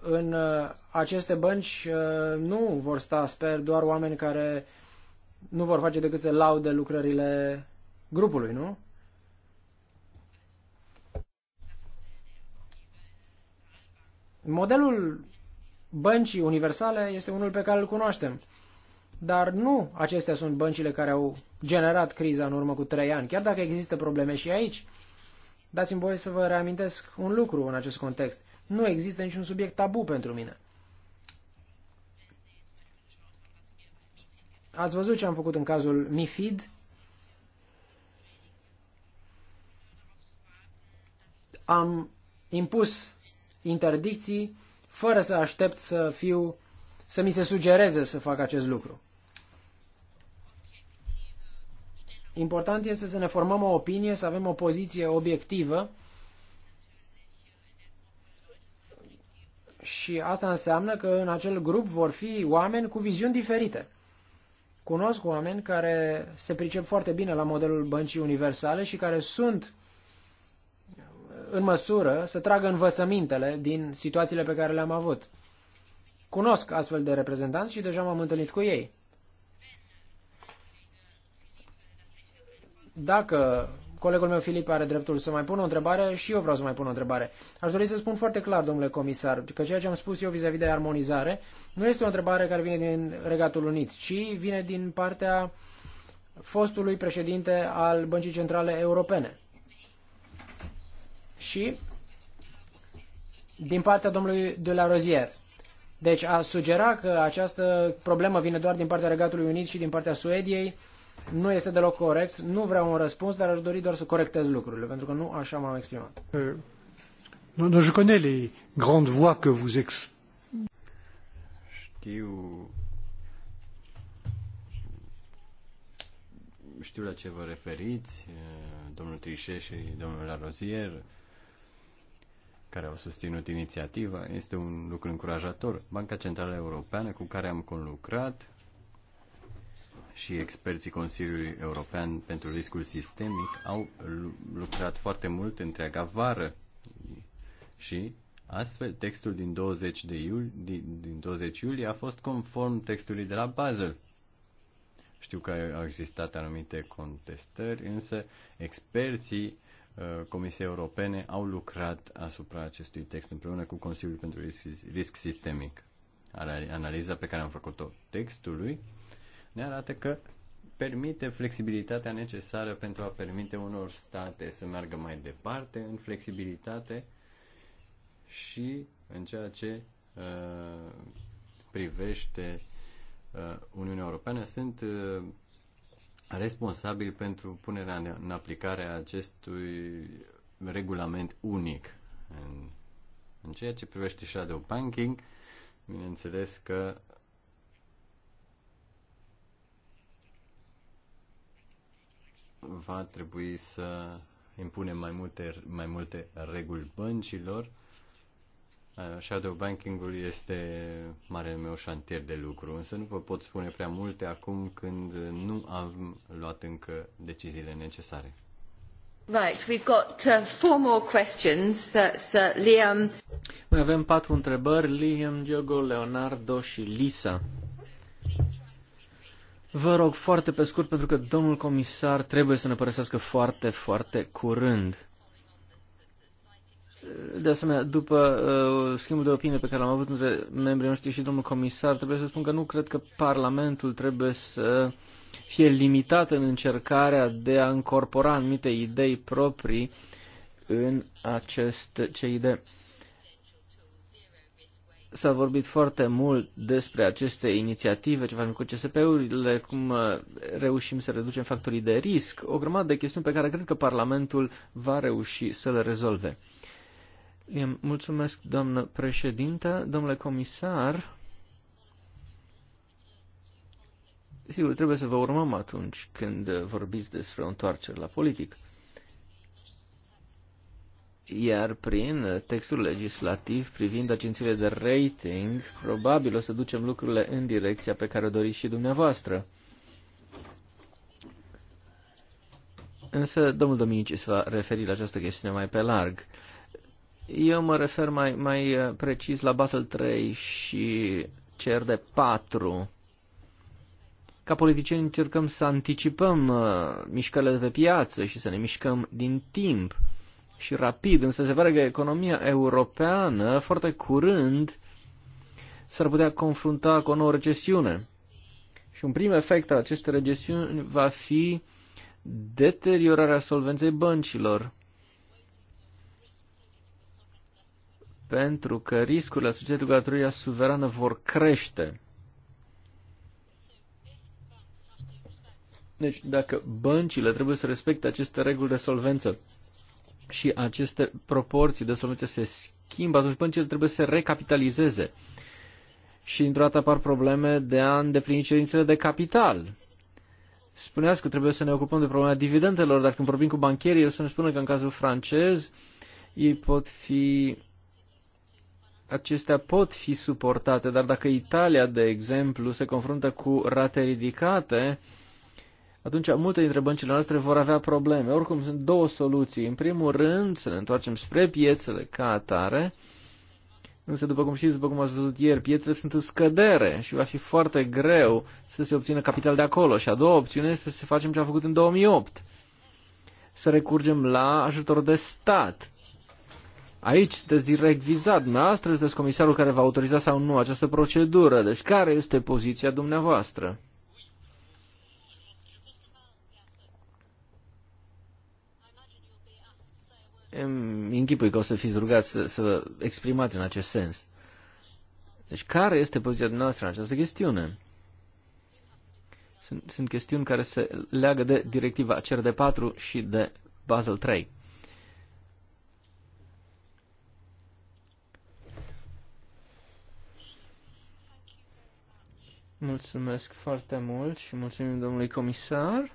În uh, aceste bănci uh, nu vor sta, sper, doar oameni care nu vor face decât să laude lucrările grupului, nu? Modelul băncii universale este unul pe care îl cunoaștem. Dar nu acestea sunt băncile care au generat criza în urmă cu trei ani, chiar dacă există probleme și aici. Dați-mi voie să vă reamintesc un lucru în acest context. Nu există niciun subiect tabu pentru mine. Ați văzut ce am făcut în cazul MIFID? Am impus interdicții fără să aștept să fiu, să mi se sugereze să fac acest lucru. Important este să ne formăm o opinie, să avem o poziție obiectivă și asta înseamnă că în acel grup vor fi oameni cu viziuni diferite. Cunosc oameni care se pricep foarte bine la modelul băncii universale și care sunt uh, în măsură să tragă învățămintele din situațiile pe care le-am avut. Cunosc astfel de reprezentanți și deja m-am întâlnit cu ei. Dacă colegul meu Filip are dreptul să mai pună o întrebare și eu vreau să mai pun o întrebare. Aș dori să spun foarte clar, domnule comisar, că ceea ce am spus eu vis-a-vis -vis de armonizare nu este o întrebare care vine din Regatul Unit, ci vine din partea fostului președinte al Băncii Centrale Europene și din partea domnului de la Rozier. Deci a sugera că această problemă vine doar din partea Regatului Unit și din partea Suediei nu este deloc corect. Nu vreau un răspuns, dar aș dori doar să corectez lucrurile, pentru că nu așa m-am exprimat. Nu, euh, nu. non, je connais les grandes voix que vous ex... Știu... Știu la ce vă referiți, domnul Trișe și domnul Larozier care au susținut inițiativa. Este un lucru încurajator. Banca Centrală Europeană cu care am conlucrat și experții Consiliului European pentru Riscul Sistemic au lucrat foarte mult întreaga vară și astfel textul din 20, de iul, din, din 20 iulie a fost conform textului de la Basel. Știu că au existat anumite contestări, însă experții Uh, Comisiei Europene au lucrat asupra acestui text împreună cu Consiliul pentru Risc, risc Sistemic. Analiza pe care am făcut-o textului ne arată că permite flexibilitatea necesară pentru a permite unor state să meargă mai departe în flexibilitate și în ceea ce uh, privește uh, Uniunea Europeană sunt uh, responsabil pentru punerea în aplicare a acestui regulament unic. În, în ceea ce privește shadow banking, bineînțeles că va trebui să impunem mai multe, mai multe reguli băncilor Uh, shadow banking-ul este marele meu șantier de lucru, însă nu vă pot spune prea multe acum când nu am luat încă deciziile necesare. Right, we've got uh, four more questions. That's uh, Liam. Mai avem patru întrebări, Liam, Diogo, Leonardo și Lisa. Vă rog foarte pe scurt pentru că domnul comisar trebuie să ne părăsească foarte, foarte curând de asemenea, după uh, schimbul de opinie pe care l-am avut între membrii noștri și domnul comisar, trebuie să spun că nu cred că Parlamentul trebuie să fie limitat în încercarea de a încorpora anumite idei proprii în aceste CID. S-a vorbit foarte mult despre aceste inițiative, ce facem cu CSP-urile, cum uh, reușim să reducem factorii de risc, o grămadă de chestiuni pe care cred că Parlamentul va reuși să le rezolve mulțumesc, doamnă președintă, domnule comisar. Sigur, trebuie să vă urmăm atunci când vorbiți despre o întoarcere la politic. Iar prin textul legislativ privind agențiile de rating, probabil o să ducem lucrurile în direcția pe care o doriți și dumneavoastră. Însă domnul Dominici se va referi la această chestiune mai pe larg. Eu mă refer mai, mai uh, precis la Basel 3 și de 4. Ca politicieni încercăm să anticipăm uh, mișcările de pe piață și să ne mișcăm din timp și rapid, însă se pare că economia europeană foarte curând s-ar putea confrunta cu o nouă recesiune. Și un prim efect al acestei recesiuni va fi deteriorarea solvenței băncilor. pentru că riscurile asociate cu datoria suverană vor crește. Deci, dacă băncile trebuie să respecte aceste reguli de solvență și aceste proporții de solvență se schimbă, atunci băncile trebuie să se recapitalizeze. Și într-o dată apar probleme de a îndeplini cerințele de capital. Spuneați că trebuie să ne ocupăm de problema dividendelor, dar când vorbim cu bancherii, o să ne spună că în cazul francez ei pot fi acestea pot fi suportate, dar dacă Italia, de exemplu, se confruntă cu rate ridicate, atunci multe dintre băncile noastre vor avea probleme. Oricum, sunt două soluții. În primul rând, să ne întoarcem spre piețele ca atare, însă, după cum știți, după cum ați văzut ieri, piețele sunt în scădere și va fi foarte greu să se obțină capital de acolo. Și a doua opțiune este să se facem ce am făcut în 2008, să recurgem la ajutor de stat Aici sunteți direct vizat, dumneavoastră sunteți comisarul care va autoriza sau nu această procedură. Deci care este poziția dumneavoastră? Îmi închipui că o să fiți rugați să, să exprimați în acest sens. Deci care este poziția dumneavoastră în această chestiune? Sunt, sunt chestiuni care se leagă de directiva CRD4 și de Basel 3. Mulțumesc foarte mult și mulțumim domnului comisar.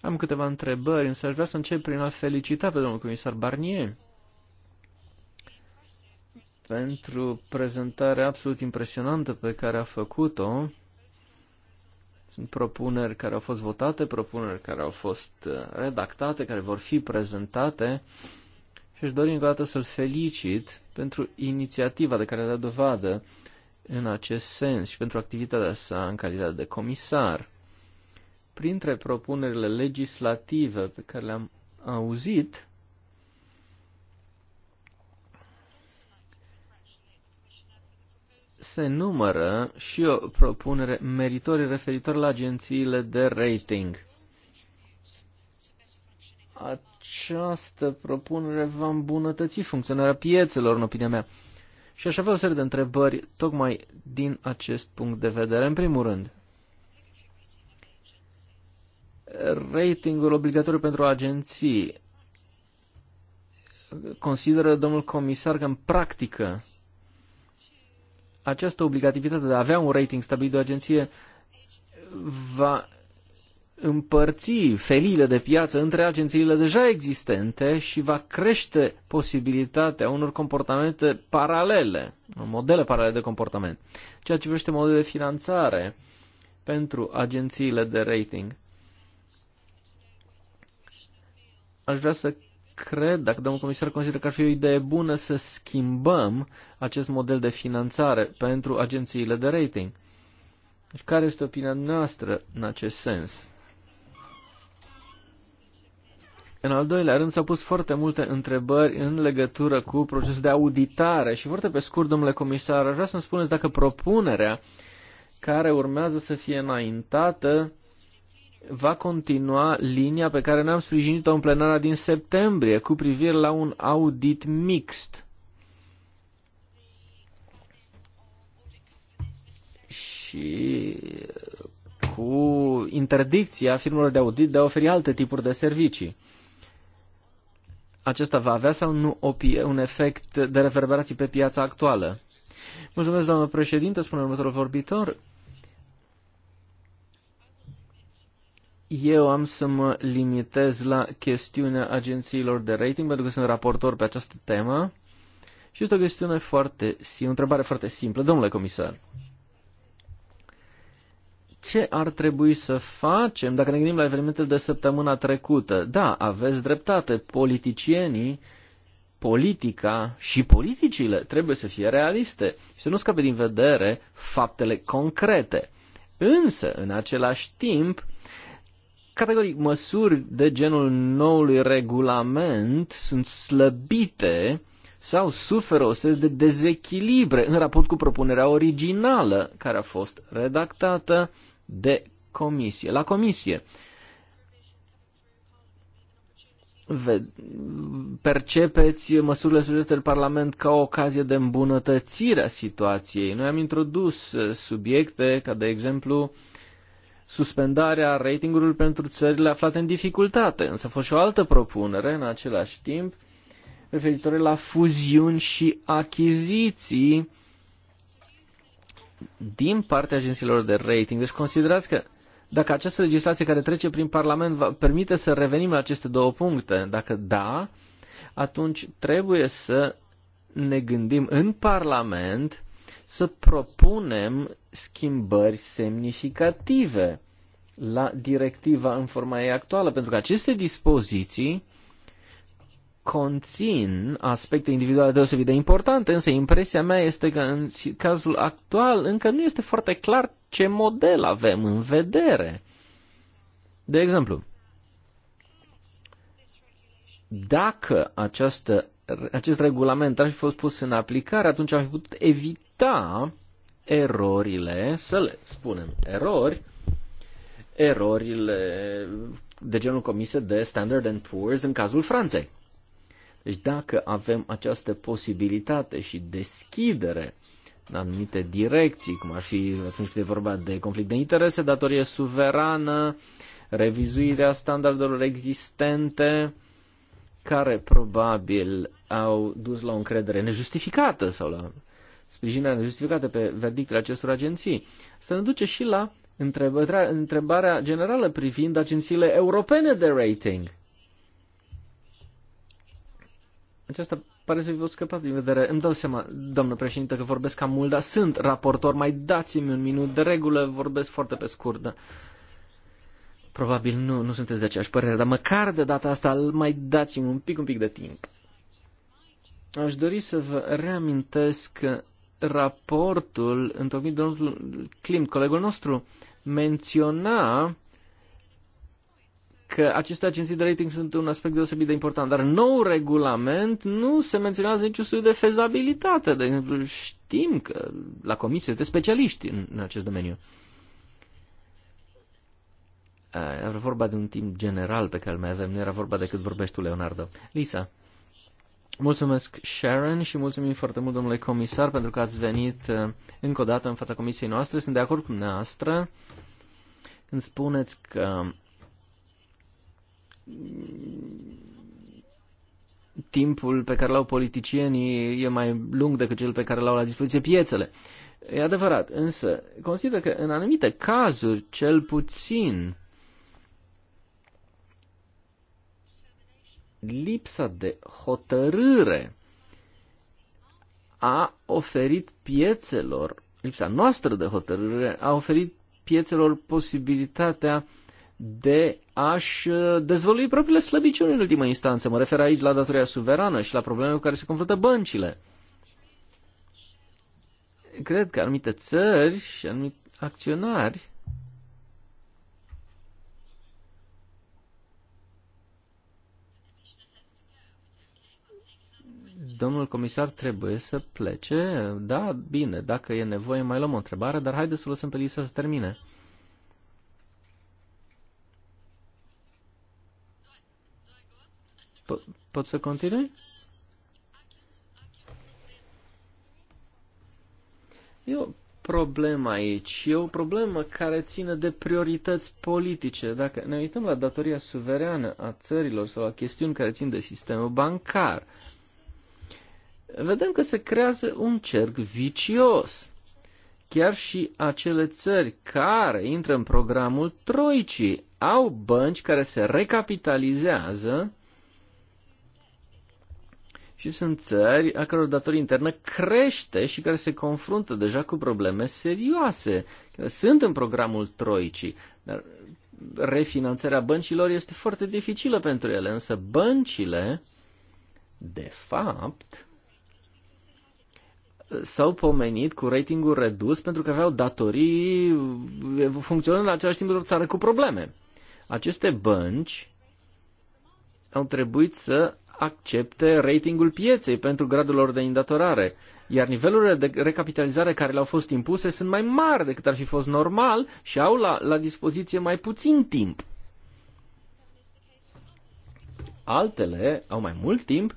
Am câteva întrebări, însă aș vrea să încep prin a felicita pe domnul comisar Barnier pentru prezentarea absolut impresionantă pe care a făcut-o. Sunt propuneri care au fost votate, propuneri care au fost uh, redactate, care vor fi prezentate și aș dori încă o dată să-l felicit pentru inițiativa de care a dat dovadă în acest sens și pentru activitatea sa în calitate de comisar. Printre propunerile legislative pe care le-am auzit, se numără și o propunere meritorie referitor la agențiile de rating. Această propunere va îmbunătăți funcționarea piețelor, în opinia mea. Și aș avea o serie de întrebări tocmai din acest punct de vedere. În primul rând, ratingul obligatoriu pentru agenții. Consideră domnul comisar că în practică această obligativitate de a avea un rating stabilit de o agenție va împărți felile de piață între agențiile deja existente și va crește posibilitatea unor comportamente paralele, modele paralele de comportament. Ceea ce privește modele de finanțare pentru agențiile de rating. Aș vrea să cred, dacă domnul comisar consideră că ar fi o idee bună să schimbăm acest model de finanțare pentru agențiile de rating. Deci care este opinia noastră în acest sens? În al doilea rând s-au pus foarte multe întrebări în legătură cu procesul de auditare și foarte pe scurt, domnule comisar, aș vrea să-mi spuneți dacă propunerea care urmează să fie înaintată va continua linia pe care ne-am sprijinit-o în plenara din septembrie cu privire la un audit mixt. Și uh, cu interdicția firmelor de audit de a oferi alte tipuri de servicii acesta va avea sau nu un efect de reverberații pe piața actuală. Mulțumesc, doamnă președinte, spune următorul vorbitor. Eu am să mă limitez la chestiunea agențiilor de rating, pentru că sunt raportor pe această temă. Și este o chestiune foarte simplă, o întrebare foarte simplă. Domnule comisar, ce ar trebui să facem dacă ne gândim la evenimentele de săptămâna trecută? Da, aveți dreptate, politicienii, politica și politicile trebuie să fie realiste și să nu scape din vedere faptele concrete. Însă, în același timp, categoric măsuri de genul noului regulament sunt slăbite sau suferă o serie de dezechilibre în raport cu propunerea originală care a fost redactată de comisie. La comisie percepeți măsurile sugerate de Parlament ca o ocazie de îmbunătățire a situației. Noi am introdus uh, subiecte ca, de exemplu, suspendarea ratingului pentru țările aflate în dificultate, însă a fost și o altă propunere în același timp referitoare la fuziuni și achiziții din partea agențiilor de rating. Deci considerați că dacă această legislație care trece prin Parlament va permite să revenim la aceste două puncte, dacă da, atunci trebuie să ne gândim în Parlament să propunem schimbări semnificative la directiva în forma ei actuală, pentru că aceste dispoziții conțin aspecte individuale deosebit de importante, însă impresia mea este că în cazul actual încă nu este foarte clar ce model avem în vedere. De exemplu, dacă această, acest regulament ar fi fost pus în aplicare, atunci am fi putut evita erorile, să le spunem erori, erorile de genul comise de Standard and Poor's în cazul Franței. Deci dacă avem această posibilitate și deschidere în anumite direcții, cum ar fi atunci când e vorba de conflict de interese, datorie suverană, revizuirea standardelor existente, care probabil au dus la o încredere nejustificată sau la sprijinirea nejustificată pe verdictele acestor agenții. Să ne duce și la întrebarea generală privind agențiile europene de rating. Aceasta pare să fi fost scăpat din vedere. Îmi dau seama, doamnă președinte, că vorbesc cam mult, dar sunt raportor. Mai dați-mi un minut. De regulă vorbesc foarte pe scurt. Dar... Probabil nu, nu sunteți de aceeași părere, dar măcar de data asta mai dați-mi un pic, un pic de timp. Aș dori să vă reamintesc raportul întocmit domnul Klimt, colegul nostru, menționa că aceste agenții de rating sunt un aspect deosebit de important, dar nou regulament nu se menționează niciun studiu de fezabilitate. De exemplu, știm că la comisie de specialiști în, în acest domeniu. Eh, era vorba de un timp general pe care îl mai avem, nu era vorba de cât vorbești tu, Leonardo. Lisa, mulțumesc Sharon și mulțumim foarte mult, domnule comisar, pentru că ați venit eh, încă o dată în fața comisiei noastre. Sunt de acord cu dumneavoastră când spuneți că timpul pe care l-au politicienii e mai lung decât cel pe care l-au la dispoziție piețele. E adevărat, însă consider că în anumite cazuri, cel puțin, lipsa de hotărâre a oferit piețelor, lipsa noastră de hotărâre a oferit piețelor posibilitatea de a-și uh, dezvălui propriile slăbiciuni în ultimă instanță. Mă refer aici la datoria suverană și la problemele cu care se confruntă băncile. Cred că anumite țări și anumite acționari domnul comisar trebuie să plece. Da, bine, dacă e nevoie mai luăm o întrebare, dar haideți să lăsăm pe Lisa să termine. Po pot să continui? E o problemă aici. E o problemă care ține de priorități politice. Dacă ne uităm la datoria suverană a țărilor sau la chestiuni care țin de sistemul bancar, vedem că se creează un cerc vicios. Chiar și acele țări care intră în programul Troicii au bănci care se recapitalizează și sunt țări a căror datorie internă crește și care se confruntă deja cu probleme serioase. Sunt în programul Troicii, dar refinanțarea băncilor este foarte dificilă pentru ele, însă băncile, de fapt, s-au pomenit cu ratingul redus pentru că aveau datorii funcționând la același timp o țară cu probleme. Aceste bănci au trebuit să accepte ratingul pieței pentru gradul lor de îndatorare, iar nivelurile de recapitalizare care le-au fost impuse sunt mai mari decât ar fi fost normal și au la, la dispoziție mai puțin timp. Altele au mai mult timp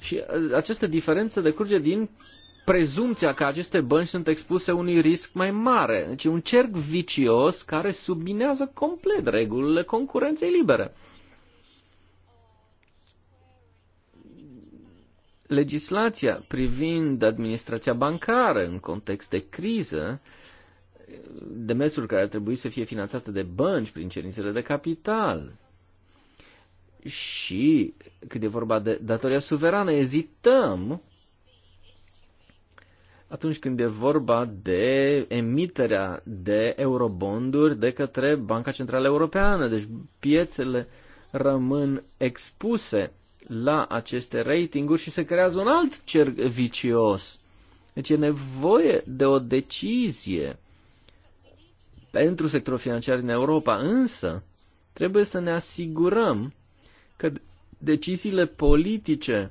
și uh, această diferență decurge din prezumția că aceste bănci sunt expuse unui risc mai mare. Deci un cerc vicios care subminează complet regulile concurenței libere. legislația privind administrația bancară în context de criză, demersul care ar trebui să fie finanțată de bănci prin cerințele de capital. Și când e vorba de datoria suverană, ezităm atunci când e vorba de emiterea de eurobonduri de către Banca Centrală Europeană. Deci piețele rămân expuse la aceste ratinguri și se creează un alt cerc vicios. Deci e nevoie de o decizie pentru sectorul financiar din Europa, însă trebuie să ne asigurăm că deciziile politice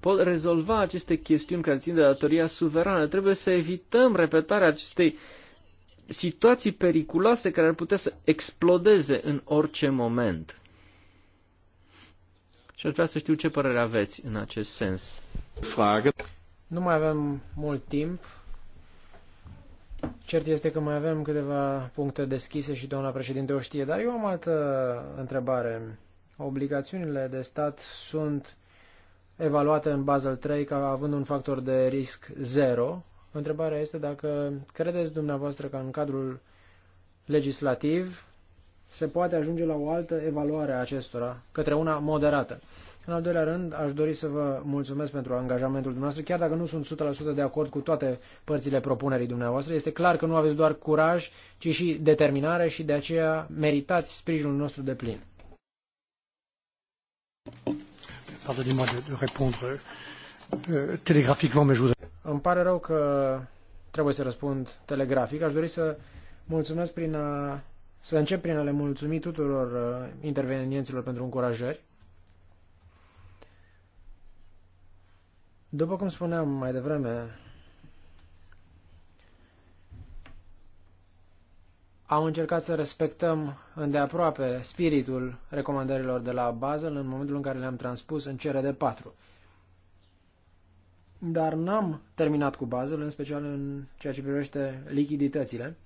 pot rezolva aceste chestiuni care țin de datoria suverană. Trebuie să evităm repetarea acestei situații periculoase care ar putea să explodeze în orice moment și aș vrea să știu ce părere aveți în acest sens. Frage. Nu mai avem mult timp. Cert este că mai avem câteva puncte deschise și doamna președinte o știe, dar eu am altă întrebare. Obligațiunile de stat sunt evaluate în Basel 3 ca având un factor de risc zero. Întrebarea este dacă credeți dumneavoastră că în cadrul legislativ se poate ajunge la o altă evaluare a acestora, către una moderată. În al doilea rând, aș dori să vă mulțumesc pentru angajamentul dumneavoastră, chiar dacă nu sunt 100% de acord cu toate părțile propunerii dumneavoastră. Este clar că nu aveți doar curaj, ci și determinare și de aceea meritați sprijinul nostru de plin. Pardonnez-moi de, de répondre euh, télégraphiquement, mais je vous... Îmi pare rău că trebuie să răspund telegrafic. Aș dori să mulțumesc prin a să încep prin a le mulțumi tuturor uh, intervenienților pentru încurajări. După cum spuneam mai devreme, am încercat să respectăm îndeaproape spiritul recomandărilor de la Basel în momentul în care le-am transpus în de 4. Dar n-am terminat cu Basel, în special în ceea ce privește lichiditățile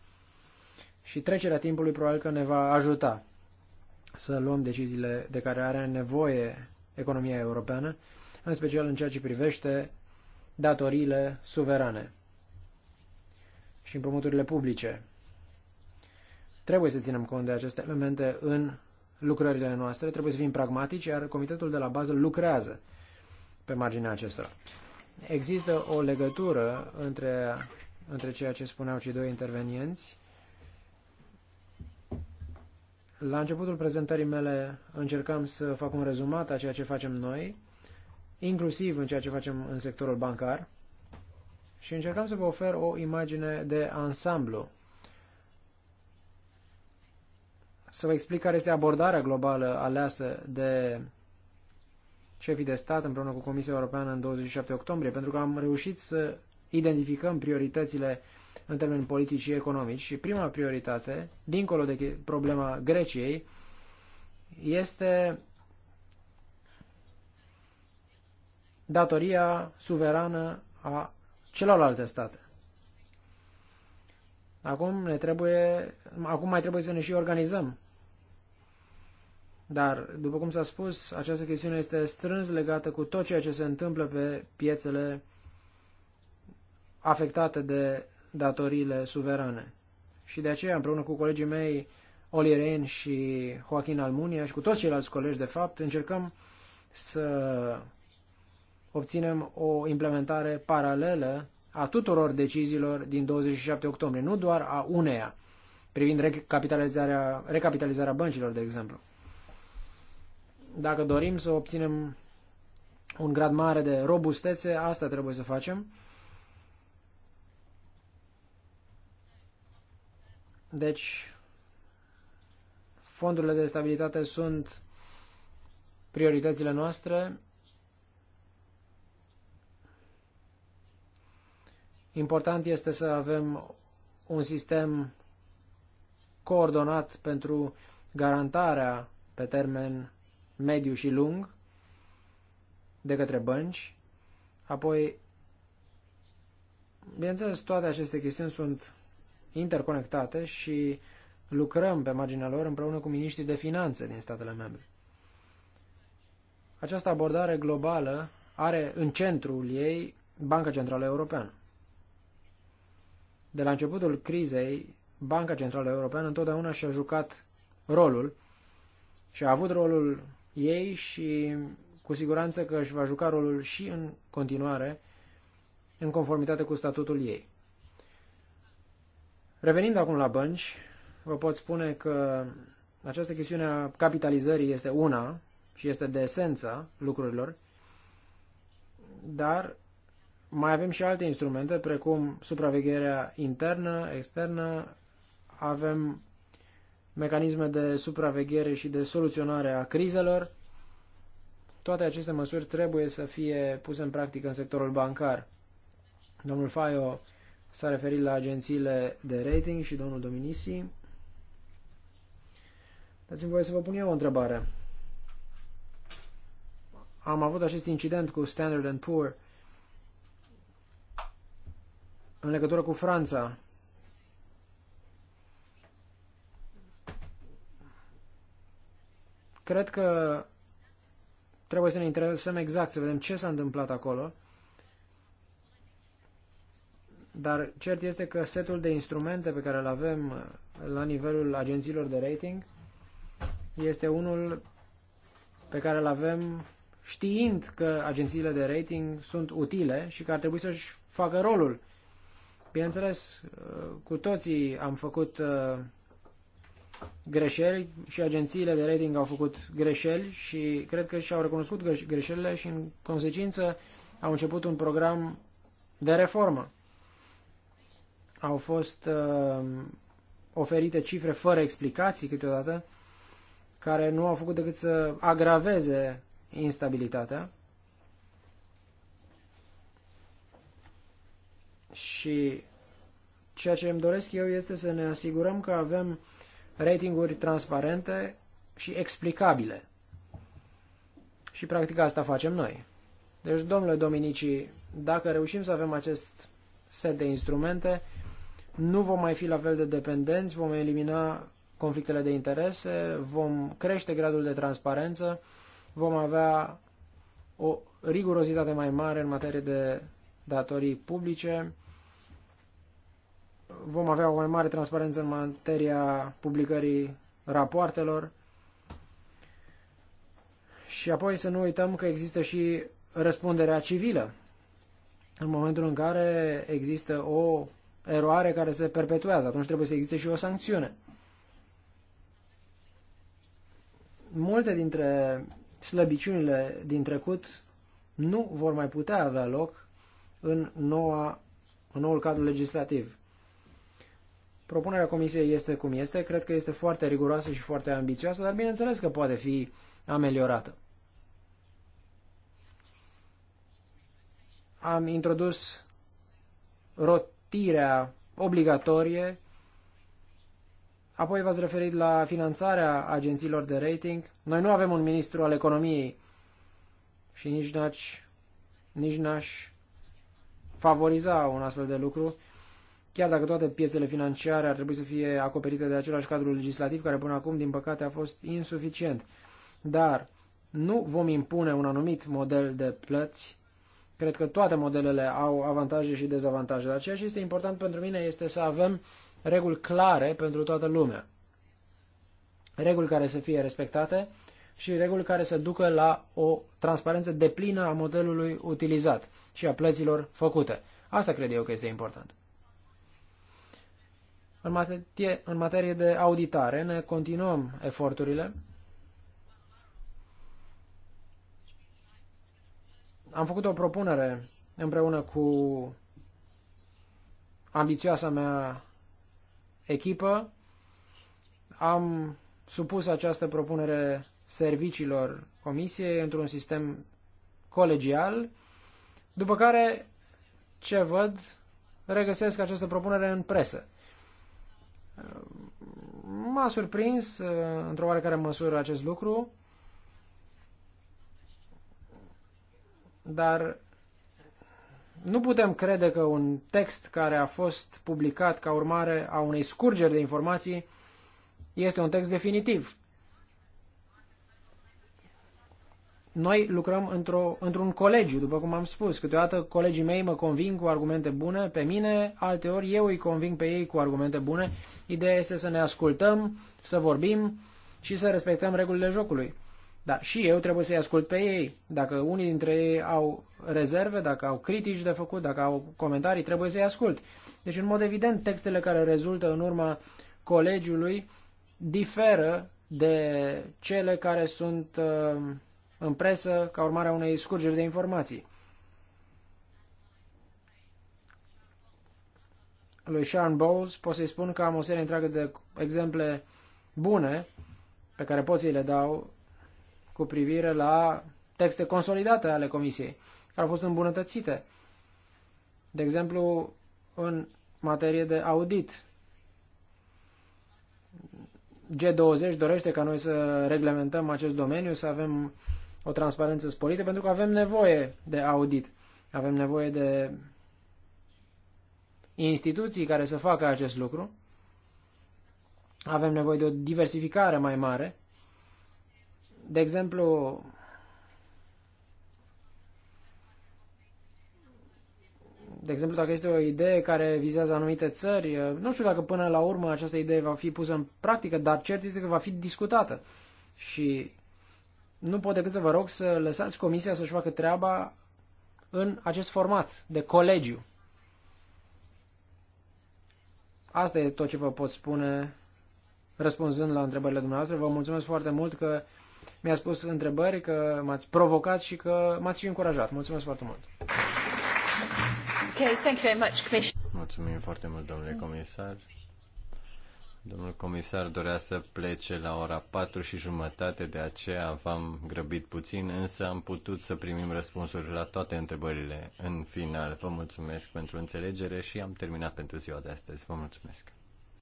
și trecerea timpului probabil că ne va ajuta să luăm deciziile de care are nevoie economia europeană, în special în ceea ce privește datoriile suverane și împrumuturile publice. Trebuie să ținem cont de aceste elemente în lucrările noastre, trebuie să fim pragmatici, iar comitetul de la bază lucrează pe marginea acestora. Există o legătură între, între ceea ce spuneau cei doi intervenienți la începutul prezentării mele încercam să fac un rezumat a ceea ce facem noi, inclusiv în ceea ce facem în sectorul bancar, și încercam să vă ofer o imagine de ansamblu. Să vă explic care este abordarea globală aleasă de șefii de stat împreună cu Comisia Europeană în 27 octombrie, pentru că am reușit să identificăm prioritățile uh, în termeni politici și economici și prima prioritate, dincolo de problema Greciei, este datoria suverană a celorlalte state. Acum, ne trebuie, acum mai trebuie să ne și organizăm. Dar, după cum s-a spus, această chestiune este strâns legată cu tot ceea ce se întâmplă pe piețele afectate de datoriile suverane. Și de aceea, împreună cu colegii mei, Oli Rein și Joaquin Almunia și cu toți ceilalți colegi, de fapt, încercăm să obținem o implementare paralelă a tuturor deciziilor din 27 octombrie, nu doar a uneia, privind recapitalizarea, recapitalizarea băncilor, de exemplu. Dacă dorim să obținem un grad mare de robustețe, asta trebuie să facem Deci, fondurile de stabilitate sunt prioritățile noastre. Important este să avem un sistem coordonat pentru garantarea pe termen mediu și lung de către bănci. Apoi, bineînțeles, toate aceste chestiuni sunt interconectate și lucrăm pe marginea lor împreună cu miniștrii de finanțe din statele membre. Această abordare globală are în centrul ei Banca Centrală Europeană. De la începutul crizei, Banca Centrală Europeană întotdeauna și-a jucat rolul și a avut rolul ei și cu siguranță că își va juca rolul și în continuare în conformitate cu statutul ei. Revenind acum la bănci, vă pot spune că această chestiune a capitalizării este una și este de esență lucrurilor, dar mai avem și alte instrumente, precum supravegherea internă, externă, avem mecanisme de supraveghere și de soluționare a crizelor. Toate aceste măsuri trebuie să fie puse în practică în sectorul bancar. Domnul Faio S-a referit la agențiile de rating și domnul Dominisi. Dați-mi voie să vă pun eu o întrebare. Am avut acest incident cu Standard Poor în legătură cu Franța. Cred că trebuie să ne interesăm exact, să vedem ce s-a întâmplat acolo dar cert este că setul de instrumente pe care îl avem uh, la nivelul agențiilor de rating este unul pe care îl avem știind că agențiile de rating sunt utile și că ar trebui să-și facă rolul. Bineînțeles, uh, cu toții am făcut uh, greșeli și agențiile de rating au făcut greșeli și cred că și-au recunoscut greșelile și în consecință au început un program de reformă. Au fost uh, oferite cifre fără explicații câteodată, care nu au făcut decât să agraveze instabilitatea. Și ceea ce îmi doresc eu este să ne asigurăm că avem ratinguri transparente și explicabile. Și practic asta facem noi. Deci, domnule Dominici, dacă reușim să avem acest set de instrumente, nu vom mai fi la fel de dependenți, vom elimina conflictele de interese, vom crește gradul de transparență, vom avea o rigurozitate mai mare în materie de datorii publice, vom avea o mai mare transparență în materia publicării rapoartelor și apoi să nu uităm că există și răspunderea civilă. În momentul în care există o eroare care se perpetuează, atunci trebuie să existe și o sancțiune. Multe dintre slăbiciunile din trecut nu vor mai putea avea loc în, noua, în noul cadru legislativ. Propunerea Comisiei este cum este, cred că este foarte riguroasă și foarte ambițioasă, dar bineînțeles că poate fi ameliorată. Am introdus rot plătirea obligatorie. Apoi v-ați referit la finanțarea agențiilor de rating. Noi nu avem un ministru al economiei și nici n-aș, nici n-aș favoriza un astfel de lucru, chiar dacă toate piețele financiare ar trebui să fie acoperite de același cadru legislativ care până acum, din păcate, a fost insuficient. Dar nu vom impune un anumit model de plăți Cred că toate modelele au avantaje și dezavantaje, dar ceea ce este important pentru mine este să avem reguli clare pentru toată lumea. Reguli care să fie respectate și reguli care să ducă la o transparență deplină a modelului utilizat și a plăților făcute. Asta cred eu că este important. În materie, în materie de auditare ne continuăm eforturile Am făcut o propunere împreună cu ambițioasa mea echipă. Am supus această propunere serviciilor comisiei într-un sistem colegial, după care, ce văd, regăsesc această propunere în presă. M-a surprins, într-o oarecare măsură, acest lucru. dar nu putem crede că un text care a fost publicat ca urmare a unei scurgeri de informații este un text definitiv. Noi lucrăm într-o, într-un colegiu, după cum am spus. Câteodată colegii mei mă conving cu argumente bune pe mine, alteori eu îi conving pe ei cu argumente bune. Ideea este să ne ascultăm, să vorbim și să respectăm regulile jocului. Dar și eu trebuie să-i ascult pe ei. Dacă unii dintre ei au rezerve, dacă au critici de făcut, dacă au comentarii, trebuie să-i ascult. Deci, în mod evident, textele care rezultă în urma colegiului diferă de cele care sunt uh, în presă ca urmare a unei scurgeri de informații. Lui Sharon Bowles pot să-i spun că am o serie întreagă de exemple bune pe care pot să-i le dau cu privire la texte consolidate ale Comisiei, care au fost îmbunătățite. De exemplu, în materie de audit. G20 dorește ca noi să reglementăm acest domeniu, să avem o transparență sporită, pentru că avem nevoie de audit. Avem nevoie de instituții care să facă acest lucru. Avem nevoie de o diversificare mai mare de exemplu, de exemplu, dacă este o idee care vizează anumite țări, nu știu dacă până la urmă această idee va fi pusă în practică, dar cert este că va fi discutată. Și nu pot decât să vă rog să lăsați comisia să-și facă treaba în acest format de colegiu. Asta e tot ce vă pot spune răspunzând la întrebările dumneavoastră. Vă mulțumesc foarte mult că mi-a spus întrebări, că m-ați provocat și că m-ați și încurajat. Mulțumesc foarte mult! Okay, thank you very much, Commissioner. Mulțumim foarte mult, domnule comisar. Domnul comisar dorea să plece la ora 4 și jumătate, de aceea v-am grăbit puțin, însă am putut să primim răspunsuri la toate întrebările în final. Vă mulțumesc pentru înțelegere și am terminat pentru ziua de astăzi. Vă mulțumesc!